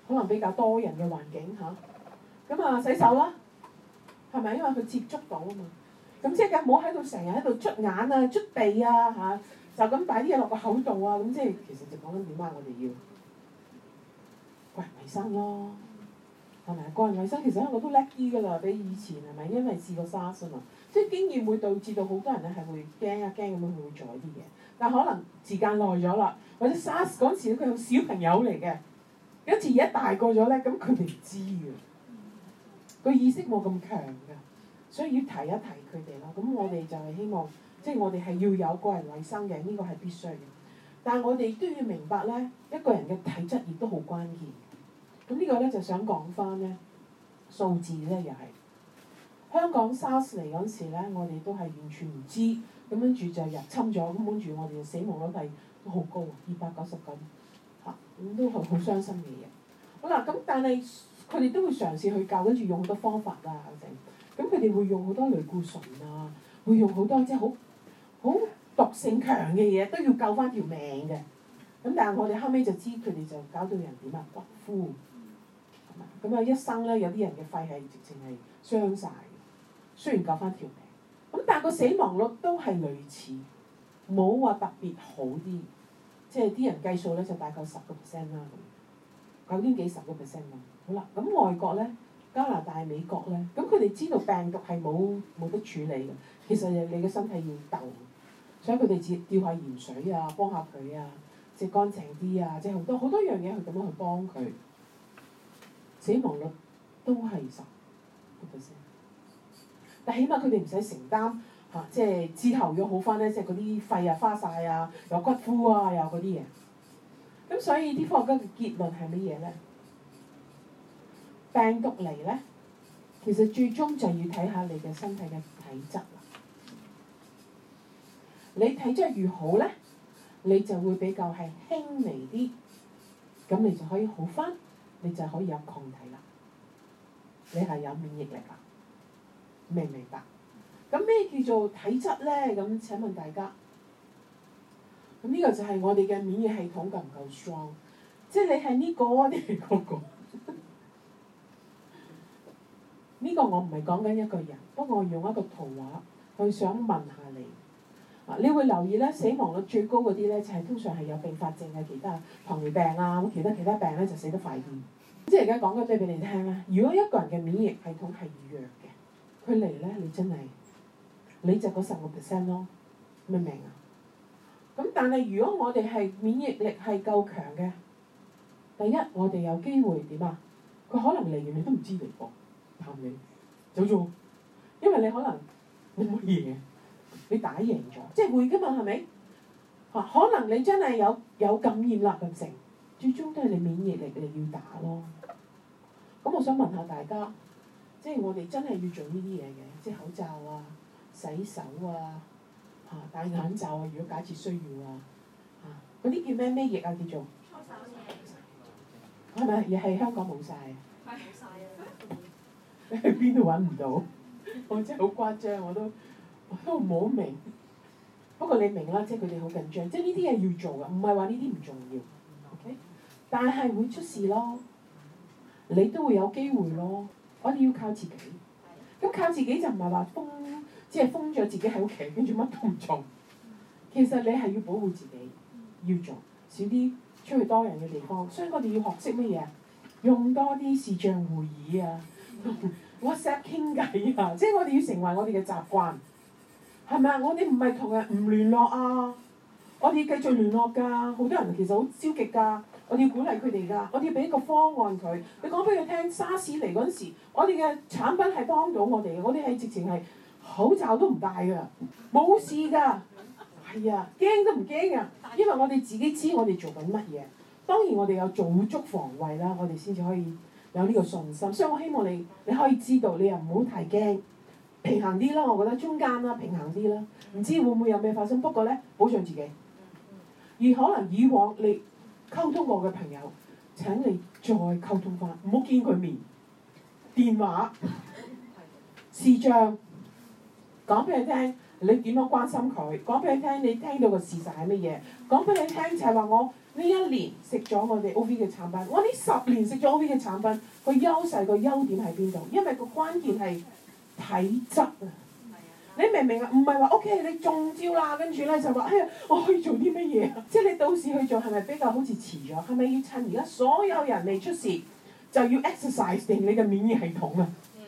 可能比較多人嘅環境嚇，咁啊洗手啦，係咪因為佢接觸到啊嘛？咁即係冇喺度成日喺度捽眼啊、捽鼻啊嚇。就咁擺啲嘢落個口度啊！咁即係其實就講緊點啊！我哋要生是是，個人衞生咯，係咪啊？人衞生其實我都叻啲噶啦，比以前係咪？因為試過沙 a 啊嘛，即係經驗會導致到好多人咧係會驚啊驚咁樣，佢會，會做啲嘢。但可能時間耐咗啦，或者沙 a 嗰陣時佢係小朋友嚟嘅，跟住而家大個咗呢，咁佢哋知啊，個意識冇咁強㗎，所以要提一提佢哋咯。咁我哋就係希望。即係我哋係要有個人衞生嘅，呢個係必須嘅。但係我哋都要明白咧，一個人嘅體質亦都好關鍵。咁呢個咧就想講翻咧，數字咧又係香港 SARS 嚟嗰時咧，我哋都係完全唔知，咁樣住就入侵咗，咁跟住我哋死亡率、啊、都好高，二百九十九嚇，咁都係好傷心嘅嘢。好啦，咁但係佢哋都會嘗試去教，跟住用好多方法啊，反正咁佢哋會用好多類固醇啊，會用好多即係好。好毒性強嘅嘢都要救翻條命嘅，咁但係我哋後尾就知佢哋就搞到人點啊，骨枯，咁啊、嗯、一生咧有啲人嘅肺係直情係傷晒，嘅，雖然救翻條命，咁但係個死亡率都係類似，冇話特別好啲，即係啲人計數咧就大概十個 percent 啦，咁究竟幾十個 percent 啦。好啦，咁外國咧，加拿大、美國咧，咁佢哋知道病毒係冇冇得處理嘅，其實你嘅身體要鬥。所以佢哋只吊下鹽水啊，幫下佢啊，即係乾淨啲啊，即好多好多樣嘢，佢咁樣去幫佢。的死亡率都係十個 percent，但起碼佢哋唔使承擔嚇、啊，即係之後要好翻呢，即係嗰啲肺啊花晒啊，有骨枯啊，有嗰啲嘢。咁所以啲科學家嘅結論係乜嘢呢？病毒嚟呢，其實最終就要睇下你嘅身體嘅體質。你體質越好呢，你就會比較係輕微啲，咁你就可以好返，你就可以有抗體啦，你係有免疫力啦，明唔明白？咁咩叫做體質呢？咁請問大家，咁呢個就係我哋嘅免疫系統夠唔夠 strong？即係你係呢個定係嗰個？呢個呀？ 呢個我唔係講緊一個人，不過我用一個圖畫去想問下你。啊！你會留意咧，死亡率最高嗰啲咧，就係、是、通常係有併發症嘅其他糖尿病啊，咁其他其他病咧就死得快啲。嗯、即係而家講嘅，俾你聽啦。如果一個人嘅免疫系統係弱嘅，佢嚟咧，你真係你就嗰十個 percent 咯。明唔明啊？咁但係如果我哋係免疫力係夠強嘅，第一我哋有機會點啊？佢可能嚟完你都唔知嚟過，嚇你走咗，因為你可能冇嘢。你打贏咗，即係會噶嘛，係咪？可能你真係有有感染啦，咁剩，最終都係你免疫力你要打咯。咁、嗯嗯、我想問下大家，即係我哋真係要做呢啲嘢嘅，即係口罩啊、洗手啊、嚇戴眼罩啊，如果假設需要啊，嚇嗰啲叫咩咩液啊叫做？搓手液。係咪？而係、嗯、香港冇晒？係冇曬啊！你去邊度揾唔到？ 我真係好誇張，我都～我都唔好明， 不過你明啦，即係佢哋好緊張，即係呢啲嘢要做㗎，唔係話呢啲唔重要，OK？但係會出事咯，你都會有機會咯，我哋要靠自己。咁靠自己就唔係話封，即係封咗自己喺屋企，跟住乜都唔做。其實你係要保護自己，要做少啲出去多人嘅地方。所以我哋要學識乜嘢？用多啲視像會議啊 ，WhatsApp 傾偈啊，即係我哋要成為我哋嘅習慣。係咪啊？我哋唔係同人唔聯絡啊！我哋要繼續聯絡㗎，好多人其實好消極㗎，我哋要鼓勵佢哋㗎，我哋要俾一個方案佢。你講俾佢聽，沙士嚟嗰陣時，我哋嘅產品係幫到我哋嘅，我哋係直情係口罩都唔戴㗎，冇事㗎。係啊，驚都唔驚啊，因為我哋自己知我哋做緊乜嘢。當然我哋有做足防衞啦，我哋先至可以有呢個信心。所以我希望你，你可以知道你又唔好太驚。平衡啲啦，我覺得中間啦，平衡啲啦，唔知會唔會有咩發生？不過咧，保障自己。而可能以往你溝通過嘅朋友，請你再溝通返，唔好見佢面，電話、視像講俾佢聽，你點樣關心佢？講俾佢聽，你聽到嘅事實係乜嘢？講俾你聽就係話我呢一年食咗我哋 O V 嘅產品，我呢十年食咗 O V 嘅產品，佢優勢個優點喺邊度？因為個關鍵係。體質啊，你明唔明啊？唔係話 OK，你中招啦，跟住咧就話哎呀，我可以做啲乜嘢？即係你到時去做，係咪比較好似遲咗？係咪要趁而家所有人未出事，就要 exercise 定你嘅免疫系統啊？嗯，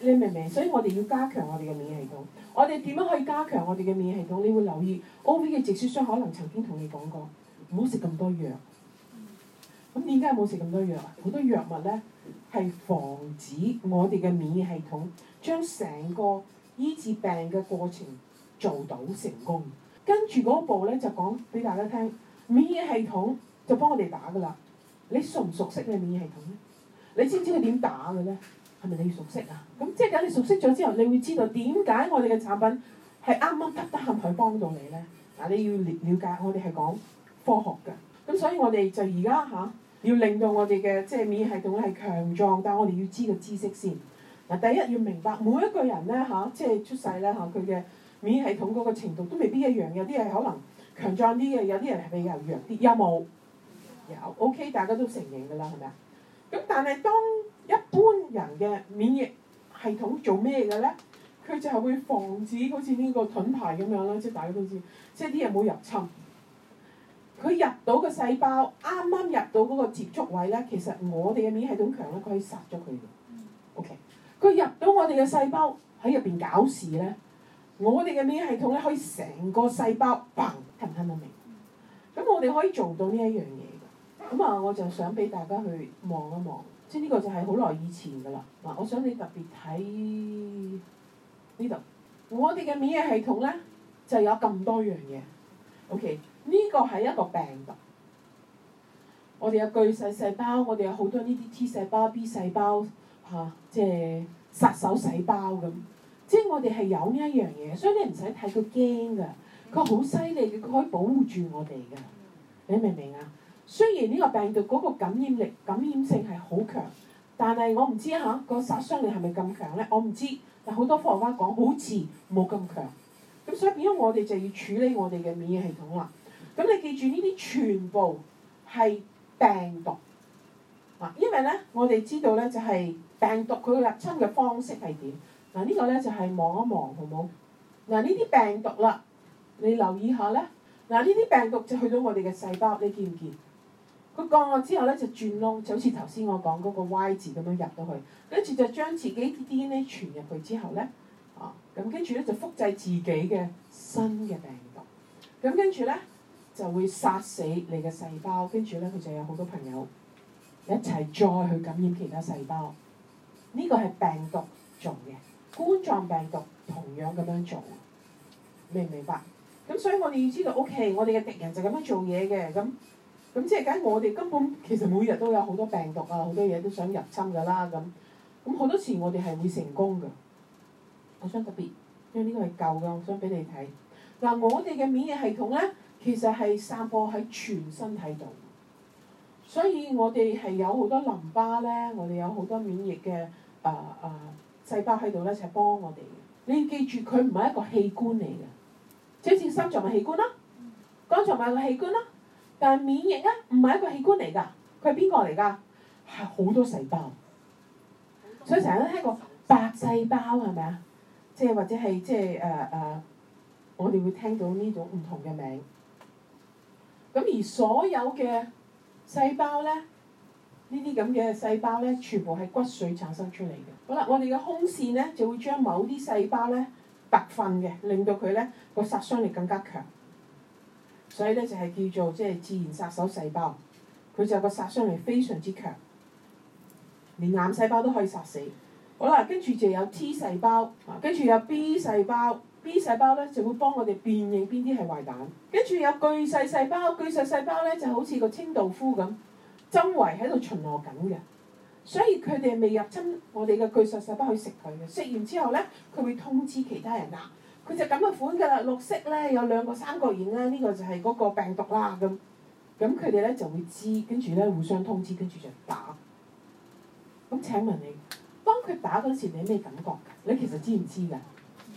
你你明唔明？所以我哋要加強我哋嘅免疫系統。我哋點樣可以加強我哋嘅免疫系統？你會留意 O.V 嘅直銷商可能曾經同你講過，唔好食咁多藥。咁點解冇食咁多藥啊？好多藥物咧係防止我哋嘅免疫系統。將成個醫治病嘅過程做到成功，跟住嗰步咧就講俾大家聽，免疫系統就幫我哋打㗎啦。你熟唔熟悉嘅免疫系統咧？你知唔知佢點打嘅咧？係咪你要熟悉啊？咁即係等你熟悉咗之後，你會知道點解我哋嘅產品係啱啱得得閒去幫到你咧。嗱，你要了了解，我哋係講科學㗎。咁所以我哋就而家嚇要令到我哋嘅即係免疫系統係強壯，但係我哋要知道知識先。嗱，第一要明白每一個人咧嚇，即係出世咧嚇，佢嘅免疫系統嗰個程度都未必一樣，有啲係可能強壯啲嘅，有啲人係比較弱啲。有冇？有，OK，大家都承認噶啦，係咪啊？咁但係當一般人嘅免疫系統做咩嘅咧？佢就係會防止好似呢個盾牌咁樣啦，即係大家都知，即係啲嘢冇入侵。佢入到個細胞，啱啱入到嗰個接觸位咧，其實我哋嘅免疫系統強咧，佢可以殺咗佢嘅。佢入到我哋嘅細胞喺入邊搞事咧，我哋嘅免疫系統咧可以成個細胞砰，得唔得？明，咁我哋可以做到呢一樣嘢嘅，咁啊，我就想俾大家去望一望，即係呢個就係好耐以前㗎喇。嗱，我想你特別睇呢度，我哋嘅免疫系統咧就有咁多樣嘢。OK，呢個係一個病毒，我哋有巨噬細胞，我哋有好多呢啲 T 細胞、B 細胞。吓、啊，即係殺手細胞咁，即係我哋係有呢一樣嘢，所以你唔使睇佢驚噶，佢好犀利，佢可以保護住我哋噶。你明唔明啊？雖然呢個病毒嗰個感染力、感染性係好強，但係我唔知吓個、啊、殺傷力係咪咁強咧，我唔知。但係好多科學家講好似冇咁強，咁所以變咗我哋就要處理我哋嘅免疫系統啦。咁你記住呢啲全部係病毒啊，因為咧我哋知道咧就係、是。病毒佢嘅入侵嘅方式係點？嗱呢個咧就係望一望好冇。嗱呢啲病毒啦，你留意下咧。嗱呢啲病毒就去到我哋嘅細胞，你見唔見？佢降落之後咧就轉窿，就好似頭先我講嗰個 Y 字咁樣入到去，跟住就將自己啲 DNA 傳入去之後咧，啊咁跟住咧就複製自己嘅新嘅病毒。咁跟住咧就會殺死你嘅細胞，跟住咧佢就有好多朋友一齊再去感染其他細胞。呢個係病毒做嘅，冠狀病毒同樣咁樣做，明唔明白？咁所以我哋要知道，OK，我哋嘅敵人就咁樣做嘢嘅，咁咁即係梗係我哋根本其實每日都有好多病毒啊，好多嘢都想入侵㗎啦，咁咁好多時我哋係會成功㗎。我想特別，因為呢個係舊嘅，我想俾你睇。嗱，我哋嘅免疫系統呢，其實係散播喺全身體度。所以我哋係有好多淋巴咧，我哋有好多免疫嘅、呃、啊啊細胞喺度咧，就係幫我哋。你要記住，佢唔係一個器官嚟嘅，即係似心臟咪器官啦、啊，肝臟咪個器官啦，但係免疫咧唔係一個器官嚟、啊、噶，佢係邊個嚟噶？係好多細胞。嗯、所以成日都聽過白細胞係咪啊？即係或者係即係誒誒，我哋會聽到呢種唔同嘅名。咁而所有嘅。細胞呢，呢啲咁嘅細胞呢，全部係骨髓產生出嚟嘅。好啦，我哋嘅胸腺呢，就會將某啲細胞呢，特訓嘅，令到佢呢個殺傷力更加強。所以呢，就係叫做即係自然殺手細胞，佢就個殺傷力非常之強，連癌細胞都可以殺死。好啦，跟住就有 T 細胞，啊，跟住有 B 細胞。B 細胞咧就會幫我哋辨認邊啲係壞蛋，跟住有巨細細胞、巨噬細胞咧就好似個清道夫咁，周圍喺度巡邏緊嘅，所以佢哋未入侵我哋嘅巨噬細胞去食佢嘅。食完之後咧，佢會通知其他人啦。佢就咁嘅款㗎，綠色咧有兩個三角形咧，呢個就係嗰個病毒啦咁。咁佢哋咧就會知，跟住咧互相通知，跟住就打。咁請問你，當佢打嗰時，你咩感覺？你其實知唔知㗎？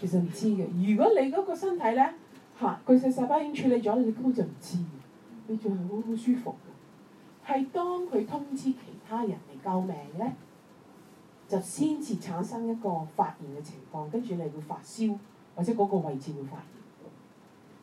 其實唔知嘅，如果你嗰個身體咧嚇，佢細胞已經處理咗，你根本就唔知，你仲係好好舒服。係當佢通知其他人嚟救命咧，就先至產生一個發炎嘅情況，跟住你會發燒，或者嗰個位置會發炎，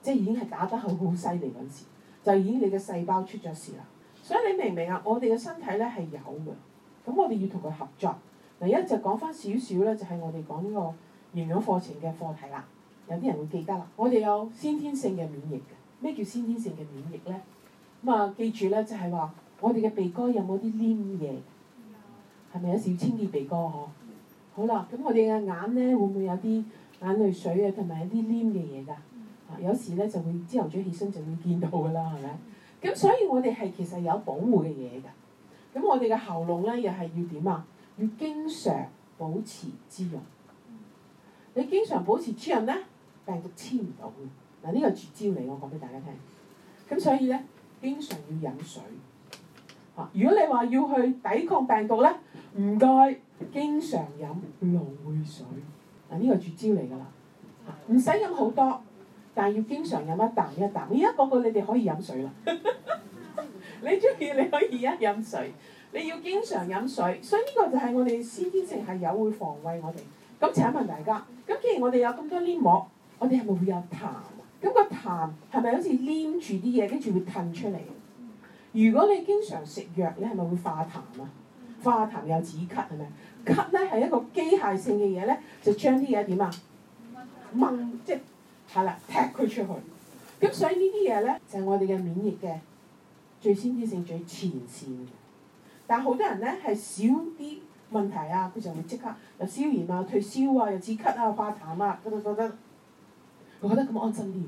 即係已經係打得好好犀利嗰時，就已經你嘅細胞出咗事啦。所以你明唔明啊？我哋嘅身體咧係有嘅，咁我哋要同佢合作。第一就講翻少少咧，就係我哋講呢個。營養課程嘅課題啦，有啲人會記得啦。我哋有先天性嘅免疫嘅，咩叫先天性嘅免疫咧？咁啊，記住咧，就係話我哋嘅鼻哥有冇啲黏嘢？係咪有時要清潔鼻哥嗬，好啦，咁我哋嘅眼咧會唔會有啲眼淚水啊，同埋一啲黏嘅嘢㗎？啊、嗯，有時咧就會朝頭早起身就會見到㗎啦，係咪？咁所以我哋係其實有保護嘅嘢㗎。咁我哋嘅喉嚨咧又係要點啊？要經常保持滋潤。你經常保持，持人咧，病毒黐唔到。嗱呢個絕招嚟，我講俾大家聽。咁所以咧，經常要飲水。啊，如果你話要去抵抗病毒咧，唔該託，經常飲蘆薈水。嗱呢、啊這個絕招嚟㗎啦，唔使飲好多，但係要經常飲一啖一啖。而家講到你哋可以飲水啦。 你中意你可以而家飲水，你要經常飲水。所以呢個就係我哋先天性係有會防衛我哋。咁請問大家，咁既然我哋有咁多黏膜，我哋係咪會有痰？咁個痰係咪好似黏住啲嘢，跟住會噴出嚟？如果你經常食藥，你係咪會化痰啊？化痰有止咳係咪？咳咧係一個機械性嘅嘢咧，就將啲嘢點啊掹，即係係啦，踢佢出去。咁所以呢啲嘢咧，就係、是、我哋嘅免疫嘅最先天性最前線嘅。但好多人咧係少啲。問題啊！佢就會即刻又消炎啊、退燒啊、又止咳啊、化痰啊，佢就覺得佢覺得咁安心啲。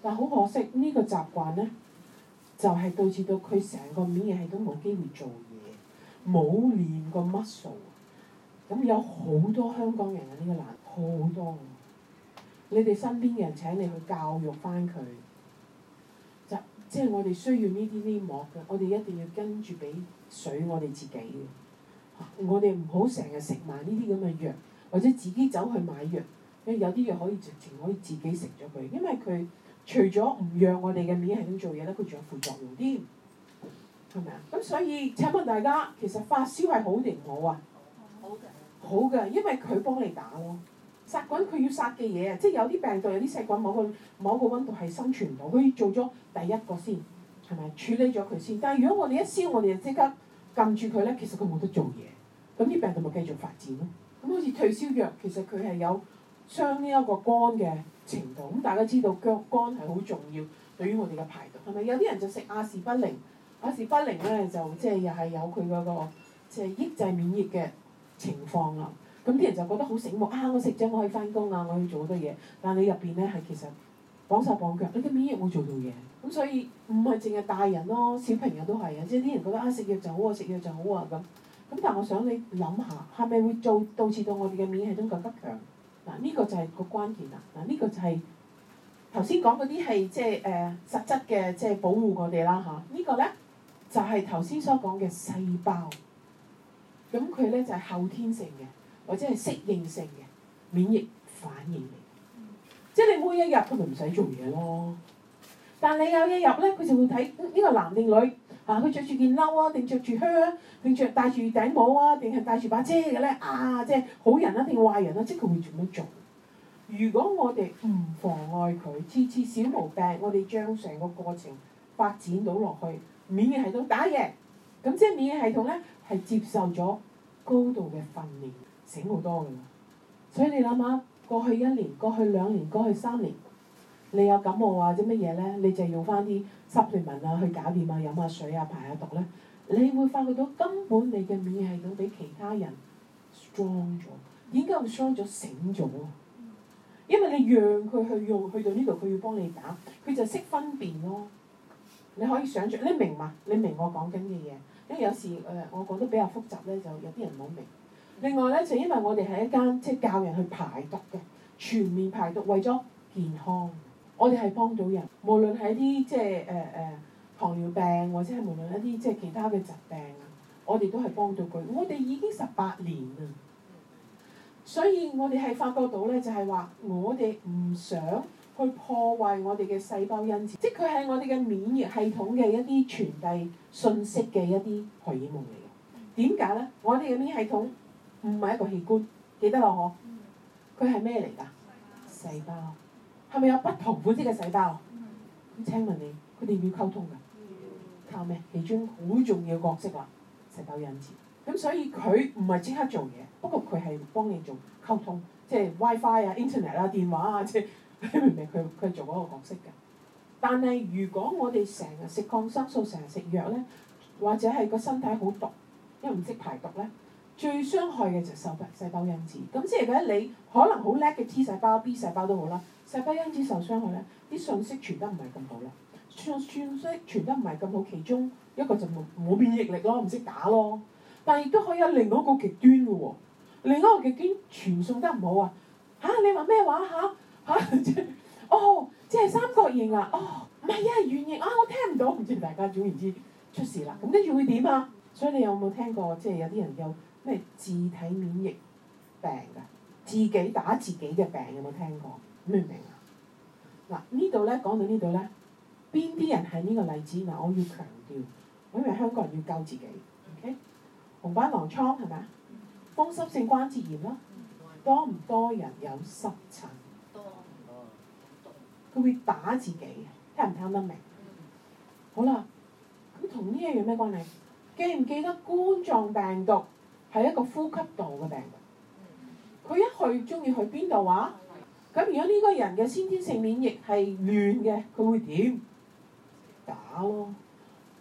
但好可惜呢、呢個習慣呢，就係、是、導致到佢成個免疫力都冇機會做嘢，冇練過 muscle。咁有好多香港人啊！呢、呢個難好多。你哋身邊嘅人請你去教育翻佢，就即係、就是、我哋需要呢啲黏膜嘅，我哋一定要跟住俾水我哋自己我哋唔好成日食埋呢啲咁嘅藥，或者自己走去買藥。誒，有啲藥可以直情可以自己食咗佢，因為佢除咗唔讓我哋嘅面喺咁做嘢咧，佢仲有副作用添，係咪啊？咁所以請問大家，其實發燒係好定唔好啊？好嘅，好嘅，因為佢幫你打咯，殺菌佢要殺嘅嘢啊，即係有啲病毒有啲細菌，某個某個溫度係生存唔到，佢要做咗第一個先，係咪處理咗佢先？但係如果我哋一燒，我哋就即刻撳住佢咧，其實佢冇得做嘢。咁啲病就咪繼續發展咯。咁好似退燒藥，其實佢係有傷呢一個肝嘅程度。咁大家知道腳肝係好重要，對於我哋嘅排毒係咪？有啲人就食亞士不靈，亞士不靈咧就即係又係有佢嗰、那個即係、就是、抑制免疫嘅情況啦。咁啲人就覺得好醒目啊！我食咗我可以翻工啊，我可以我做好多嘢。但係你入邊咧係其實綁手綁腳，你啲免疫冇做到嘢。咁所以唔係淨係大人咯，小朋友都係啊。即係啲人覺得啊，食藥就好啊，食藥就好啊咁。咁但係我想你諗下，係咪會做導致到我哋嘅免疫系統更加強？嗱，呢個就係個關鍵啦。嗱，呢、這個就係頭先講嗰啲係即係誒實質嘅，即係、呃、保護我哋啦嚇。呢個咧就係頭先所講嘅細胞。咁佢咧就係後天性嘅，或者係適應性嘅免疫反應嚟。即係你每一日佢咪唔使做嘢咯。但你有一日咧，佢就會睇呢個男定女。嚇！佢着住件褸啊，定着住、啊、靴啊，啊，定著戴住頂帽啊，定係戴住把遮嘅咧啊！即係好人啊，定壞人啊，即係會做樣做？如果我哋唔妨礙佢，次次小毛病，我哋將成個過程發展到落去，免疫系統打嘢。咁即係免疫系統咧，係接受咗高度嘅訓練，醒好多噶啦。所以你諗下，過去一年、過去兩年、過去三年。你有感冒或者乜嘢呢？你就用翻啲濕熱文啊去搞掂啊，飲下水啊，排下、啊、毒呢、啊。你會發覺到根本你嘅免疫系統比其他人 strong 咗、er，點解會 strong 咗、er、醒咗啊？因為你讓佢去用，去到呢度佢要幫你打，佢就識分辨咯。你可以想象，你明嘛？你明我講緊嘅嘢？因為有時誒我講得比較複雜呢，就有啲人冇明。另外呢，就因為我哋係一間即係教人去排毒嘅，全面排毒為咗健康。我哋係幫到人，無論係啲即係誒誒糖尿病或者係無論一啲即係其他嘅疾病，我哋都係幫到佢。我哋已經十八年啦，所以我哋係發覺到咧，就係話我哋唔想去破壞我哋嘅細胞因子，即係佢係我哋嘅免疫系統嘅一啲傳遞信息嘅一啲荷爾蒙嚟嘅。點解咧？我哋嘅免疫系統唔係一個器官，記得咯，我佢係咩嚟㗎？細胞。係咪有不同款式嘅細胞？咁、mm hmm. 請問你佢哋要溝通㗎？Mm hmm. 靠咩？其中好重要角色啊，細胞因子。咁所以佢唔係即刻做嘢，不過佢係幫你做溝通，即係 WiFi 啊、Fi, Internet 啊、電話啊，即係明明？佢佢做嗰個角色㗎。但係如果我哋成日食抗生素、成日食藥咧，或者係個身體好毒，又唔識排毒咧？最傷害嘅就係受細胞因子，咁即係咧你可能好叻嘅 T 細胞、B 細胞都好啦，細胞因子受傷害咧，啲信息傳得唔係咁好啦，信息傳，傳得唔係咁好，其中一個就冇冇免疫力咯，唔識打咯，但係亦都可以有另外一個極端嘅喎，另外一個極端傳送得唔好啊？嚇你話咩話嚇嚇？哦，即係三角形啊？哦，唔係啊，圓形啊，我聽唔到，唔知大家總言之出事啦，咁跟住會點啊？所以你有冇聽過即係有啲人有？咩自體免疫病噶，自己打自己嘅病有冇聽過？明唔明啊？嗱呢度咧，講到呢度咧，邊啲人喺呢個例子？嗱，我要強調，我因為香港人要救自己。OK？紅斑狼瘡係咪啊？風濕性關節炎囉，多唔多人有濕疹？佢會打自己嘅，聽唔聽得明？好啦，咁同呢一樣咩關係？記唔記得冠狀病毒？係一個呼吸道嘅病，佢一去中意去邊度話？咁如果呢個人嘅先天性免疫係亂嘅，佢會點？打咯，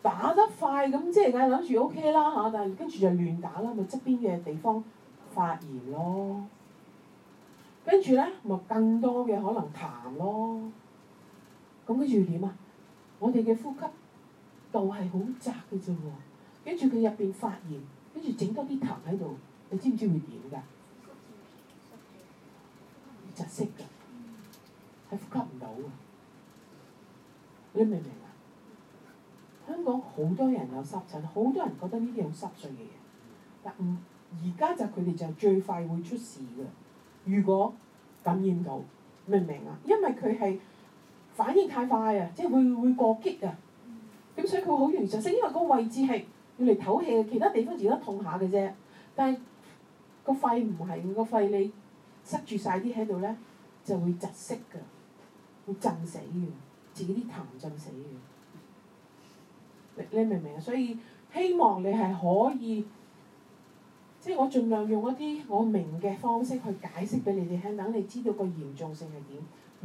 打得快咁即係梗係諗住 O K 啦嚇、啊，但係跟住就亂打啦，咪側邊嘅地方發炎咯。跟住咧，咪更多嘅可能痰咯。咁跟住點啊？我哋嘅呼吸道係好窄嘅啫喎，跟住佢入邊發炎。跟住整多啲痰喺度，你知唔知會點㗎？窒息㗎，係呼吸唔到啊！你明唔明啊？香港好多人有濕疹，好多人覺得呢啲好濕碎嘅嘢，但唔而家就佢哋就最快會出事㗎。如果感染到，明唔明啊？因為佢係反應太快啊，即係會會過激啊，咁所以佢好容易窒息，因為嗰位置係。要嚟透氣，其他地方只得痛下嘅啫。但係個肺唔係，個肺你塞住晒啲喺度呢，就會窒息㗎，會震死嘅，自己啲痰震死嘅。你明唔明啊？所以希望你係可以，即係我盡量用一啲我明嘅方式去解釋俾你哋聽，等你知道個嚴重性係點。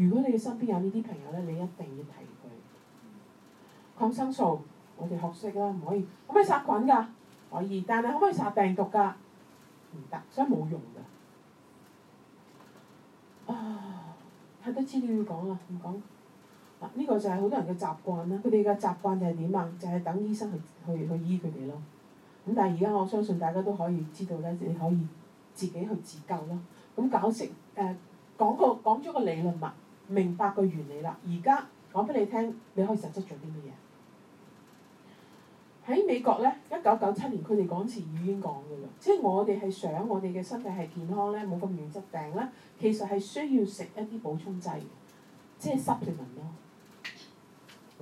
如果你身邊有呢啲朋友呢，你一定要提佢抗生素。Mm hmm. 我哋學識啦，唔可以可唔可以殺菌㗎？可以，但係可唔可以殺病毒㗎？唔得，所以冇用㗎、哦。啊，睇得資料要講啦，唔講。嗱，呢個就係好多人嘅習慣啦。佢哋嘅習慣就係點啊？就係、是、等醫生去去去醫佢哋咯。咁、嗯、但係而家我相信大家都可以知道咧，你可以自己去自救咯。咁、嗯、搞成誒、呃、講個講咗個理論物，明白個原理啦。而家講俾你聽，你可以實質做啲乜嘢？喺美國咧，一九九七年佢哋講詞語已經講嘅啦，即係我哋係想我哋嘅身體係健康咧，冇咁染質病咧，其實係需要食一啲補充劑，即係 supplement 咯、啊，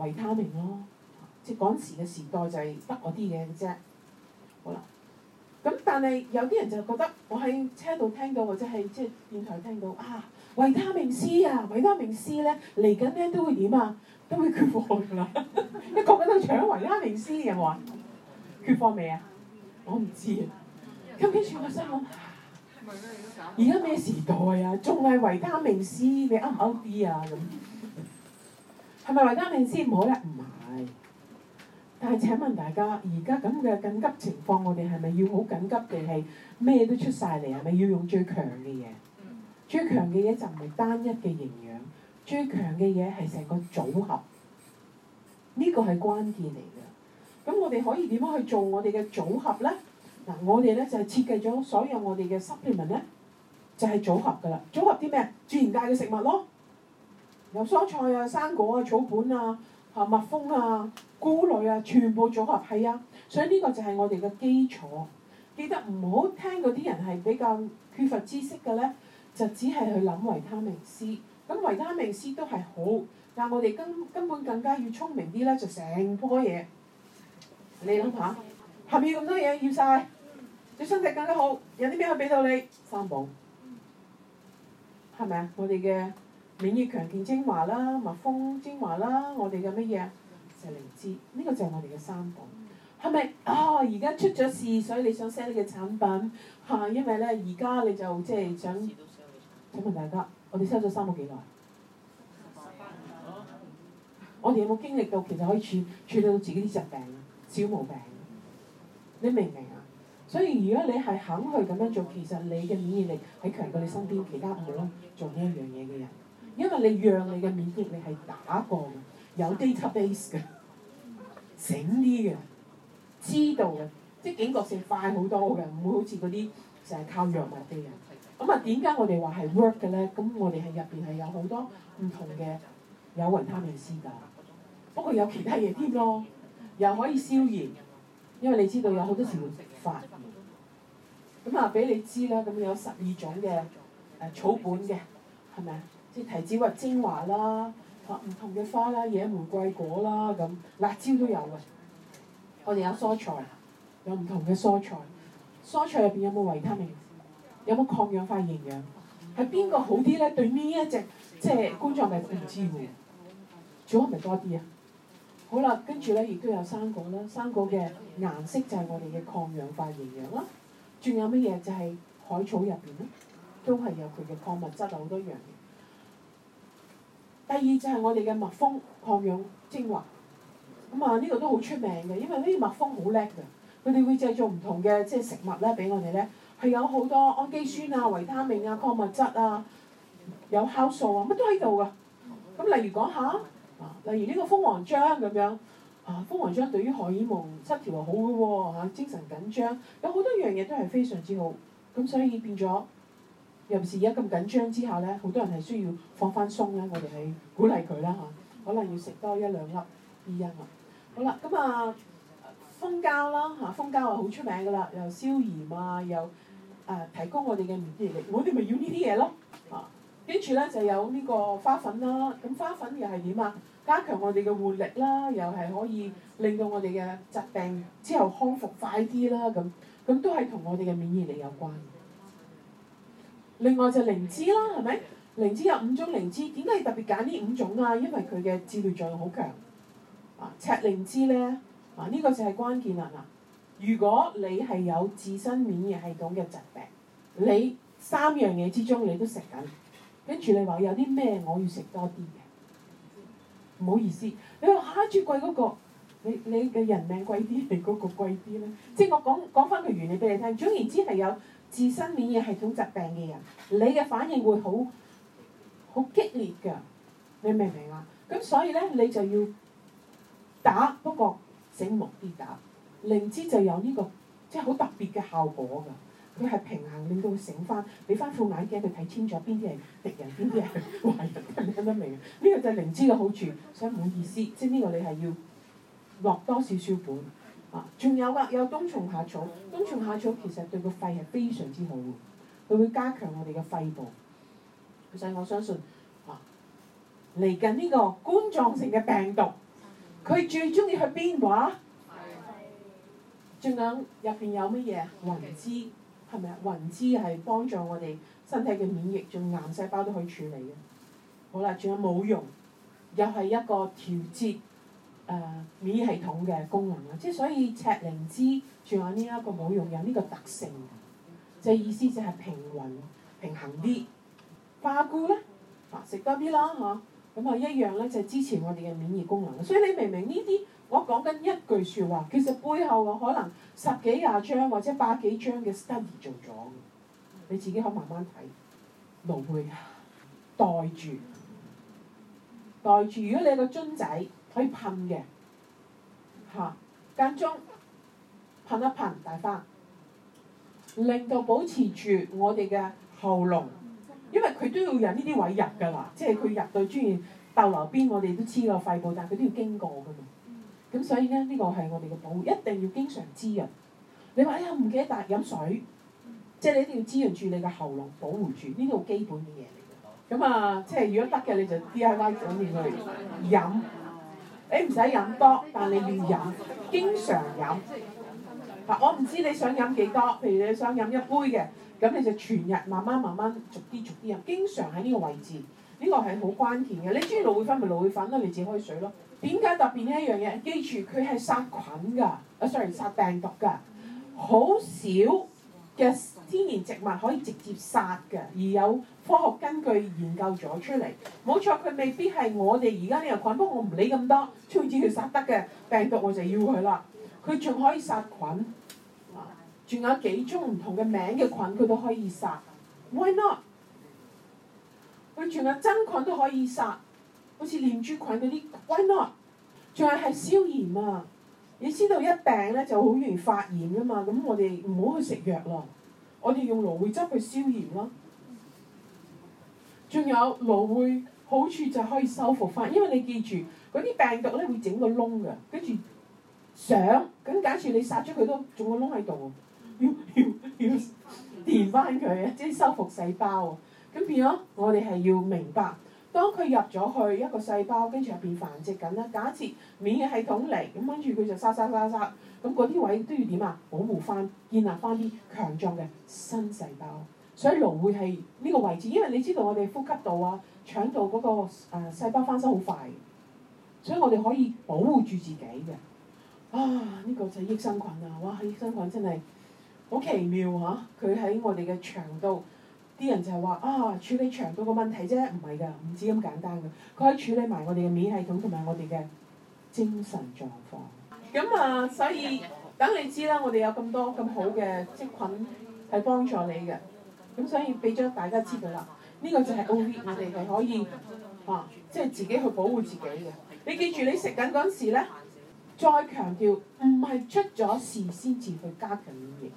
維他命咯、啊，即係嗰陣時嘅時代就係得嗰啲嘅啫，好啦，咁但係有啲人就覺得我喺車度聽到或者係即係電台聽到啊維他命 C 啊維他命 C 咧嚟緊咧都會點啊？都會缺貨㗎啦！ 你講緊都搶維他命 C 有冇缺貨未啊？我唔知啊！今天轉個新聞，而家咩時代啊？仲係維他命 C，你啱唔啱啲啊？咁係咪維他命 C 唔好咧？唔 係。但係請問大家，而家咁嘅緊急情況，我哋係咪要好緊急地係咩都出晒嚟？係咪要用最強嘅嘢？嗯、最強嘅嘢就唔係單一嘅營。最強嘅嘢係成個組合，呢、這個係關鍵嚟嘅。咁我哋可以點樣去做我哋嘅組合咧？嗱，我哋咧就係設計咗所有我哋嘅 supplement 咧，就係、是、組合㗎啦。組合啲咩？自然界嘅食物咯，有蔬菜啊、生果啊、草本啊、啊蜜蜂啊、菇類啊，全部組合係啊。所以呢個就係我哋嘅基礎。記得唔好聽嗰啲人係比較缺乏知識嘅咧，就只係去諗維他命 C。咁維他命 C 都係好，但係我哋根根本更加要聰明啲咧，就成樖嘢，你諗下，係咪要咁多嘢？要晒，對身體更加好。有啲咩可以俾到你？三寶係咪啊？我哋嘅免疫強健精華啦、蜜蜂精華啦、我哋嘅乜嘢？就靈芝，呢、這個就係我哋嘅三寶。係咪啊？而家出咗事，所以你想 sell 嘅產品嚇、啊，因為呢，而家你就即係想，請問大家。我哋收咗三個幾耐，嗯、我哋有冇經歷到其實可以處理到自己啲疾病、小毛病？你明唔明啊？所以如果你係肯去咁樣做，其實你嘅免疫力係強過你身邊其他冇做呢一樣嘢嘅人，因為你讓你嘅免疫力係打過嘅，有 database 嘅，醒啲嘅，知道嘅，即係警覺性快好多嘅，唔會好似嗰啲成日靠藥物嘅人。咁啊，點解我哋話係 work 嘅咧？咁我哋係入邊係有好多唔同嘅有維他命 C 㗎，不過有其他嘢添咯，又可以消炎，因為你知道有好多時會發炎。咁、呃、啊，俾你知啦，咁有十二種嘅誒草本嘅，係咪啊？即係提子核精華啦，唔同嘅花啦，野玫瑰果啦，咁、啊、辣椒都有嘅。我哋有蔬菜，有唔同嘅蔬菜，蔬菜入邊有冇維他命？有冇抗氧化營養？係邊個好啲呢？對呢一隻即係是觀眾嚟講唔知喎，仲、嗯、有咪多啲啊？好啦，跟住呢亦都有生果啦，生果嘅顏色就係我哋嘅抗氧化營養啦。仲有乜嘢就係海草入邊咧？都係有佢嘅礦物質好多樣嘢。第二就係我哋嘅蜜蜂抗氧精華，咁、嗯、啊呢、呢個都好出名嘅，因為呢啲蜜蜂好叻㗎，佢哋會製造唔同嘅即係食物咧俾我哋咧。係有好多氨基酸啊、維他命啊、礦物質啊，有酵素啊，乜都喺度噶。咁例如講下，啊，例如呢個蜂皇漿咁樣，啊，蜂皇漿對於荷爾蒙失調係好噶喎、啊啊，精神緊張，有好多樣嘢都係非常之好。咁所以變咗，尤其是而家咁緊張之下咧，好多人係需要放翻鬆啦。我哋係鼓勵佢啦嚇，可能要食多一兩粒依因啊。好啦，咁啊蜂膠啦嚇，蜂膠啊好出名噶啦，又消炎啊，又。誒、呃、提高我哋嘅免疫力，我哋咪要呢啲嘢咯。啊，跟住呢就有呢個花粉啦，咁花粉又係點啊？加強我哋嘅活力啦，又係可以令到我哋嘅疾病之後康復快啲啦。咁咁都係同我哋嘅免疫力有關。另外就靈芝啦，係咪？靈芝有五種靈芝，點解要特別揀呢五種啊？因為佢嘅治療作用好強。啊、呃，赤靈芝呢，啊呢、呢個就係關鍵啦嗱。如果你係有自身免疫系統嘅疾病，你三樣嘢之中你都食緊，跟住你話有啲咩我要食多啲嘅，唔好意思，你話下最貴嗰個，你你嘅人命貴啲定嗰個貴啲咧？即係我講講返個原理俾你聽，總言之係有自身免疫系統疾病嘅人，你嘅反應會好好激烈㗎，你明唔明啊？咁所以呢，你就要打，不過醒目啲打。靈芝就有呢個，即係好特別嘅效果㗎。佢係平衡令到醒翻，俾翻副眼鏡佢睇清楚邊啲係敵人，邊啲係壞人，你明唔明？呢個就係靈芝嘅好處。所以唔好意思，即係呢個你係要落多少少本啊？仲有啊，有冬蟲夏草。冬蟲夏草其實對個肺係非常之好，佢會加強我哋嘅肺部。所以我相信啊，嚟緊呢個冠狀性嘅病毒，佢最中意去邊話？仲有入邊有乜嘢雲芝係咪啊？雲芝係幫助我哋身體嘅免疫，仲有癌細胞都可以處理嘅。好啦，仲有冇用？又係一個調節誒、呃、免疫系統嘅功能啦。即係所以赤靈芝仲有呢一個冇用有呢個特性，即、就、係、是、意思就係平穩平衡啲。花菇咧，食、啊、多啲啦嚇。啊。咁啊一樣呢，就係、是、支持我哋嘅免疫功能。所以你明明呢啲，我講緊一句説話，其實背後我可能十幾廿張或者百幾張嘅 study 做咗，你自己可以慢慢睇。攰啊，袋住，袋住。如果你個樽仔可以噴嘅，嚇、啊、間中噴一噴大翻，令到保持住我哋嘅喉嚨。因為佢都要引呢啲位入㗎啦，即係佢入到專業逗留邊，我哋都知個肺部，但係佢都要經過㗎嘛。咁、嗯、所以咧，呢、這個係我哋嘅保護，一定要經常滋潤。你話哎呀唔記得帶飲水，嗯、即係你一定要滋潤住你嘅喉嚨，保護住呢啲好基本嘅嘢嚟㗎。咁啊、嗯，即係如果得嘅你就 D I Y 上面去飲，你唔使飲多，但係你要飲，經常飲。嗱、嗯啊，我唔知你想飲幾多，譬如你想飲一杯嘅。咁你就全日慢慢慢慢逐啲逐啲入，經常喺呢個位置，呢、這個係好關鍵嘅。你中意蘆薈粉咪蘆薈粉咯，你自開水咯。點解特別呢一樣嘢？記住佢係殺菌㗎，啊，sorry 殺病毒㗎。好少嘅天然植物可以直接殺嘅，而有科學根據研究咗出嚟。冇錯，佢未必係我哋而家呢個菌，不過我唔理咁多，總之佢殺得嘅病毒我就要佢啦。佢仲可以殺菌。仲有幾種唔同嘅名嘅菌，佢都可以殺。Why not？佢仲有真菌都可以殺，好似念珠菌嗰啲。Why not？仲有係消炎啊！你知道一病咧就好容易發炎噶嘛？咁我哋唔好去食藥咯，我哋用蘆薈汁去消炎咯。仲有蘆薈好處就可以修復翻，因為你記住嗰啲病毒咧會整個窿嘅，跟住想，咁，假設你殺咗佢都仲個窿喺度。要要要填翻佢啊！即係修復細胞啊！咁變咗，我哋係要明白，當佢入咗去一個細胞，跟住入邊繁殖緊啦。假設免疫系統嚟，咁跟住佢就殺殺殺殺，咁嗰啲位都要點啊？保護翻，建立翻啲強壯嘅新細胞。所以瘤會係呢個位置，因為你知道我哋呼吸道啊、腸道嗰個誒細胞翻新好快，所以我哋可以保護住自己嘅。啊！呢個就係益生菌啊！哇！益生菌真係～好奇妙嚇！佢喺我哋嘅腸道，啲人就係話啊，處理腸道嘅問題啫，唔係㗎，唔止咁簡單㗎。佢可以處理埋我哋嘅免疫系統同埋我哋嘅精神狀況。咁啊，所以等你知啦，我哋有咁多咁好嘅即菌係幫助你嘅。咁所以俾咗大家知㗎啦。呢個就係 O V，我哋係可以啊，即係自己去保護自己嘅。你記住，你食緊嗰時咧，再強調唔係出咗事先至去加強免疫。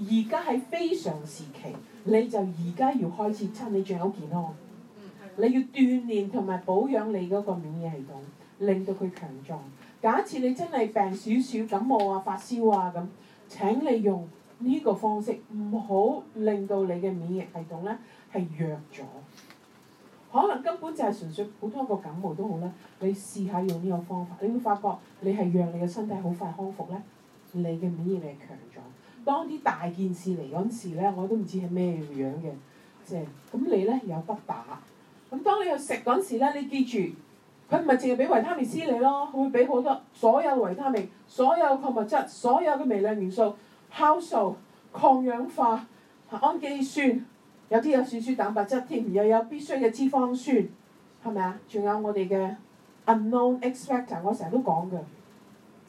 而家喺非常時期，你就而家要開始趁你仲有健康。嗯、你要鍛鍊同埋保養你嗰個免疫系統，令到佢強壯。假設你真係病少少感冒啊、發燒啊咁，請你用呢個方式，唔好令到你嘅免疫系統呢係弱咗。可能根本就係純粹普通一個感冒都好啦，你試下用呢個方法，你會發覺你係讓你嘅身體好快康復呢，你嘅免疫力強壯。當啲大件事嚟嗰陣時咧，我都唔知係咩樣嘅，即係咁你咧有得打。咁當你去食嗰陣時咧，你記住佢唔係淨係俾維他命 C 你咯，佢會俾好多所有維他命、所有礦物質、所有嘅微量元素、酵素、抗氧化、氨基酸，有啲有少少蛋白質添，又有必須嘅脂肪酸，係咪啊？仲有我哋嘅 unknown expector，我成日都講㗎。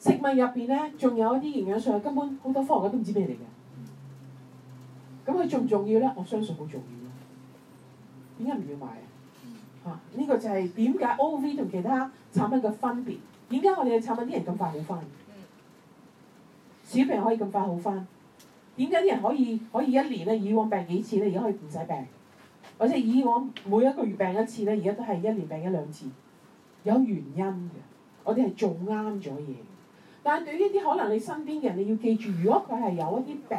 食物入邊呢，仲有一啲營養素，根本好多科學家都唔知咩嚟嘅。咁佢仲唔重要呢？我相信好重要咯。點解唔要買、嗯、啊？嚇！呢個就係點解 O V 同其他產品嘅分別。點解我哋嘅產品啲人咁快好翻？嗯、小病可以咁快好翻？點解啲人可以可以一年呢？以往病幾次呢？而家可以唔使病，或者以往每一個月病一次呢？而家都係一年病一兩次，有原因嘅。我哋係做啱咗嘢。但對於一啲可能你身邊嘅人你要記住，如果佢係有一啲病，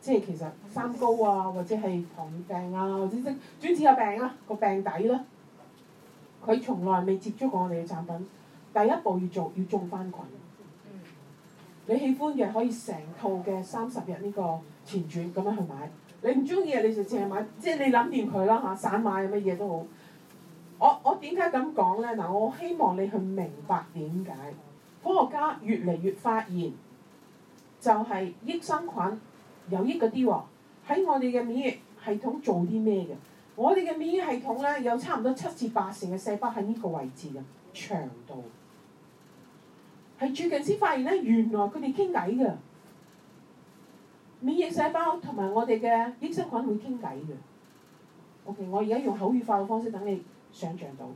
即係其實三高啊，或者係糖尿病啊，或者即專治個病啊，這個病底啦，佢從來未接觸過我哋嘅產品，第一步要做要種翻菌。你喜歡嘅可以成套嘅三十日呢個前轉咁樣去買，你唔中意嘅你就淨係買，即係你諗掂佢啦嚇，散買乜嘢都好。我我點解咁講呢？嗱，我希望你去明白點解科學家越嚟越發現，就係益生菌有益嗰啲喎，喺我哋嘅免疫系統做啲咩嘅？我哋嘅免疫系統呢，有差唔多七至八成嘅細胞喺呢個位置嘅，腸道係最近先發現呢，原來佢哋傾偈㗎，免疫細胞同埋我哋嘅益生菌會傾偈㗎。OK，我而家用口語化嘅方式等你。想像到，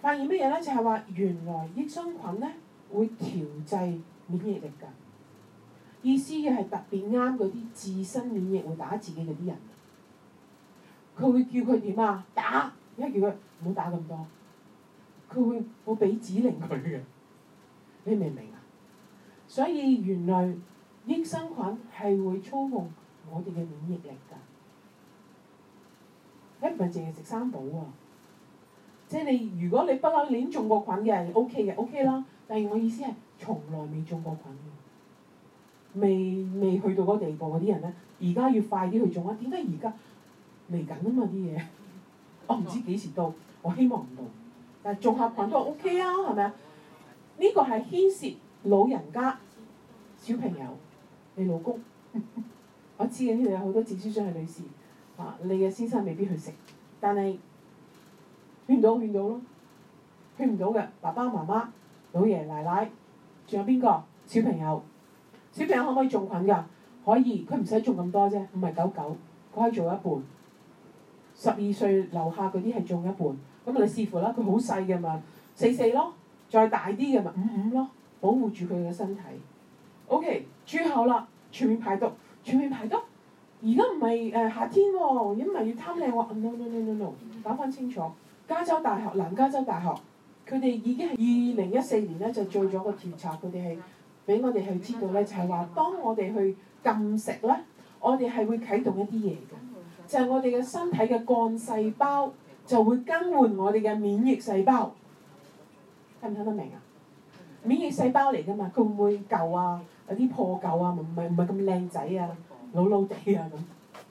發現咩嘢呢？就係話原來益生菌呢會調制免疫力㗎。意思嘅係特別啱嗰啲自身免疫會打自己嗰啲人，佢會叫佢點啊？打！一叫佢唔好打咁多，佢會冇俾指令佢嘅。你明唔明啊？所以原來益生菌係會操控我哋嘅免疫力。一唔係淨係食生寶啊，即係你如果你不嬲連種過菌嘅 O K 嘅 O K 啦，但係我意思係從來未種過菌，未未去到嗰地步嗰啲人咧，而家要快啲去種啊！點解而家嚟緊啊嘛啲嘢？ 我唔知幾時到，我希望唔到。但係種下菌都 OK 啊，係咪啊？呢個係牽涉老人家、小朋友、你老公。 我知呢度有好多接書商係女士。啊！你嘅先生未必去食，但係勸到勸到咯，勸唔到嘅爸爸媽媽、老爺奶奶，仲有邊個小朋友？小朋友可唔可以種菌㗎？可以，佢唔使種咁多啫，唔係九九，佢可以種一半。十二歲樓下嗰啲係種一半，咁你視乎啦，佢好細嘅嘛，四四咯，再大啲嘅咪五五咯，保護住佢嘅身體。OK，煮好啦，全面排毒，全面排毒。而家唔係誒夏天喎，哦，而家唔係要貪靚喎，no no no no no，搞、no. 翻清楚。加州大學，南加州大學，佢哋已經係二零一四年咧就做咗個調查，佢哋係俾我哋去知道咧，就係、係、話當我哋去禁食咧，我哋係會啟動一啲嘢嘅，就係、係、我哋嘅身體嘅幹細胞就會更換我哋嘅免疫細胞，聽唔聽得明啊？免疫細胞嚟㗎嘛，佢會唔會舊啊？有啲破舊啊，唔係唔係咁靚仔啊？老老地啊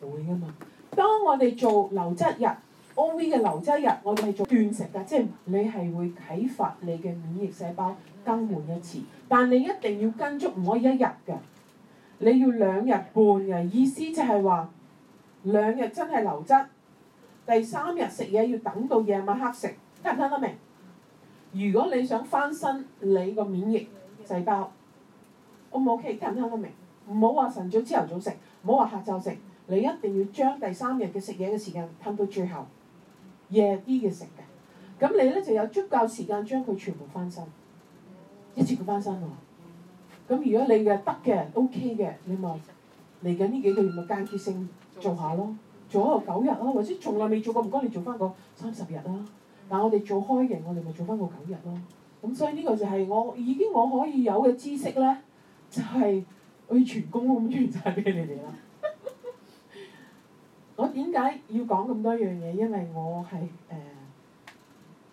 咁，會噶嘛？當我哋做流質日，O V 嘅流質日，我哋係做斷食噶，即係你係會啟發你嘅免疫細胞更換一次，但你一定要跟足，唔可以一日嘅，你要兩日半嘅意思就係話兩日真係流質，第三日食嘢要等到夜晚黑食，聽唔聽得明？如果你想翻身，你個免疫細胞，O 唔 OK？聽唔聽得明？可唔好話晨早朝頭早食，唔好話下晝食，你一定要將第三日嘅食嘢嘅時間推到最後，夜啲嘅食嘅，咁你咧就有足夠時間將佢全部翻身，一次過翻身喎。咁如果你嘅得嘅 O.K. 嘅，你咪嚟緊呢幾個月咪間歇性做下咯，做一個九日啊，或者從來未做過，唔該你做翻個三十日啦。但我哋做開型，我哋咪做翻個九日咯。咁所以呢個就係我已經我可以有嘅知識咧，就係、是。我要全功咁傳曬俾你哋啦！我點解要講咁多樣嘢？因為我係誒、呃、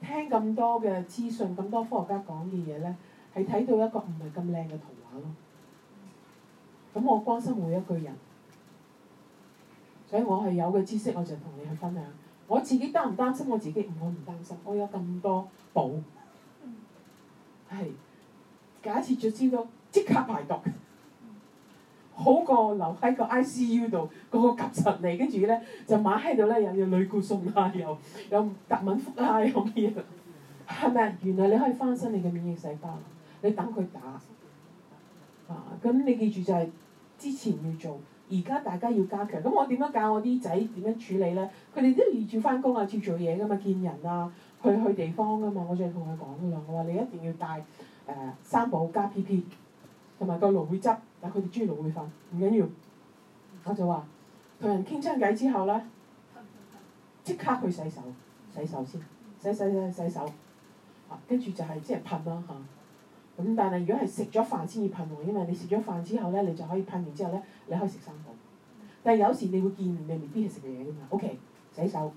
聽咁多嘅資訊，咁多科學家講嘅嘢呢，係睇到一個唔係咁靚嘅圖畫咯。咁我關心每一個人，所以我係有嘅知識，我就同你去分享。我自己擔唔擔心我自己？我唔擔心。我有咁多寶，係假設著知道即刻排毒。好過留喺個 ICU 度，個、嗰個急實嚟，跟住咧就馬喺度咧又要類固醇啊，又有特敏福啊，有咩啊？係咪啊？原來你可以翻新你嘅免疫細胞，你等佢打。啊，咁你記住就係之前要做，而家大家要加強。咁我點樣教我啲仔點樣處理咧？佢哋都要預住翻工啊，要做嘢噶嘛，見人啊，去去地方噶嘛。我就係同佢講啦，我話你一定要帶誒、呃、三寶加 PP，同埋個蘆薈汁。啊！佢哋專業佬會翻，唔緊要。嗯、我就話同人傾親偈之後咧，即刻去洗手，洗手先，洗洗洗洗手。嚇、啊，跟住就係即係噴啦、啊、嚇。咁、啊、但係如果係食咗飯先要噴喎、啊，因為你食咗飯之後咧，你就可以噴完之後咧，你可以食生果。但係有時你會見面你未必係食嘢㗎嘛？嗯、o、okay, K，洗手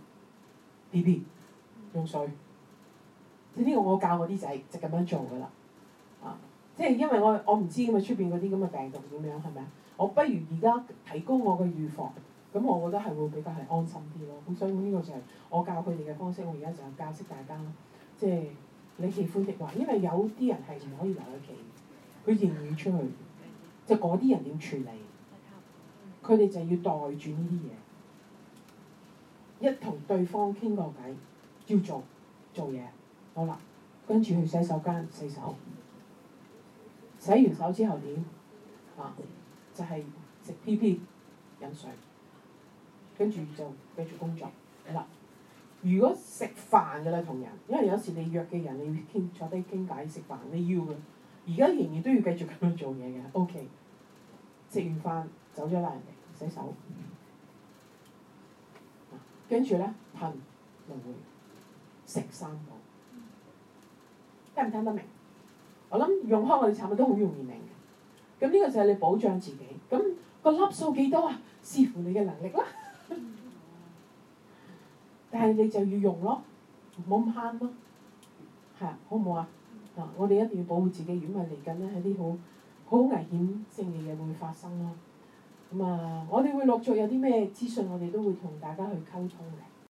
，B B，用水。呢、嗯、啲我教我啲仔，就咁樣做㗎啦。即係因為我我唔知咁，啊，出邊嗰啲咁嘅病毒點樣係咪啊？我不如而家提高我嘅預防，咁我覺得係會比較係安心啲咯。好想呢、這個就係我教佢哋嘅方式，我而家就係教識大家即係、就是、你喜歡的話，因為有啲人係唔可以留喺屋企，佢言語出去，就嗰、是、啲人要處理，佢哋就要待住呢啲嘢。一同對方傾個偈，要做做嘢，好啦，跟住去洗手間洗手。洗完手之後點啊？就係食 P P、飲水，跟住就繼續工作。嗱、嗯，如果食飯嘅咧，同人，因為有時你約嘅人，你要傾坐低傾偈食飯，你要嘅。而家仍然都要繼續咁樣做嘢嘅。O K，食完飯走咗啦，人哋洗手。嗯、跟住呢，噴、蘆薈、食生果，聽唔聽得明？我諗用開我哋產品都好容易明嘅，咁呢個就係你保障自己，咁、嗰個粒數幾多啊？視乎你嘅能力啦， 但係你就要用咯，唔好咁慳咯，係、啊、好唔好啊？啊，我哋一定要保護自己，如因為嚟緊呢，係啲好好危險性嘅嘢會發生啦。咁啊，我哋會陸續有啲咩資訊，我哋都會同大家去溝通嘅。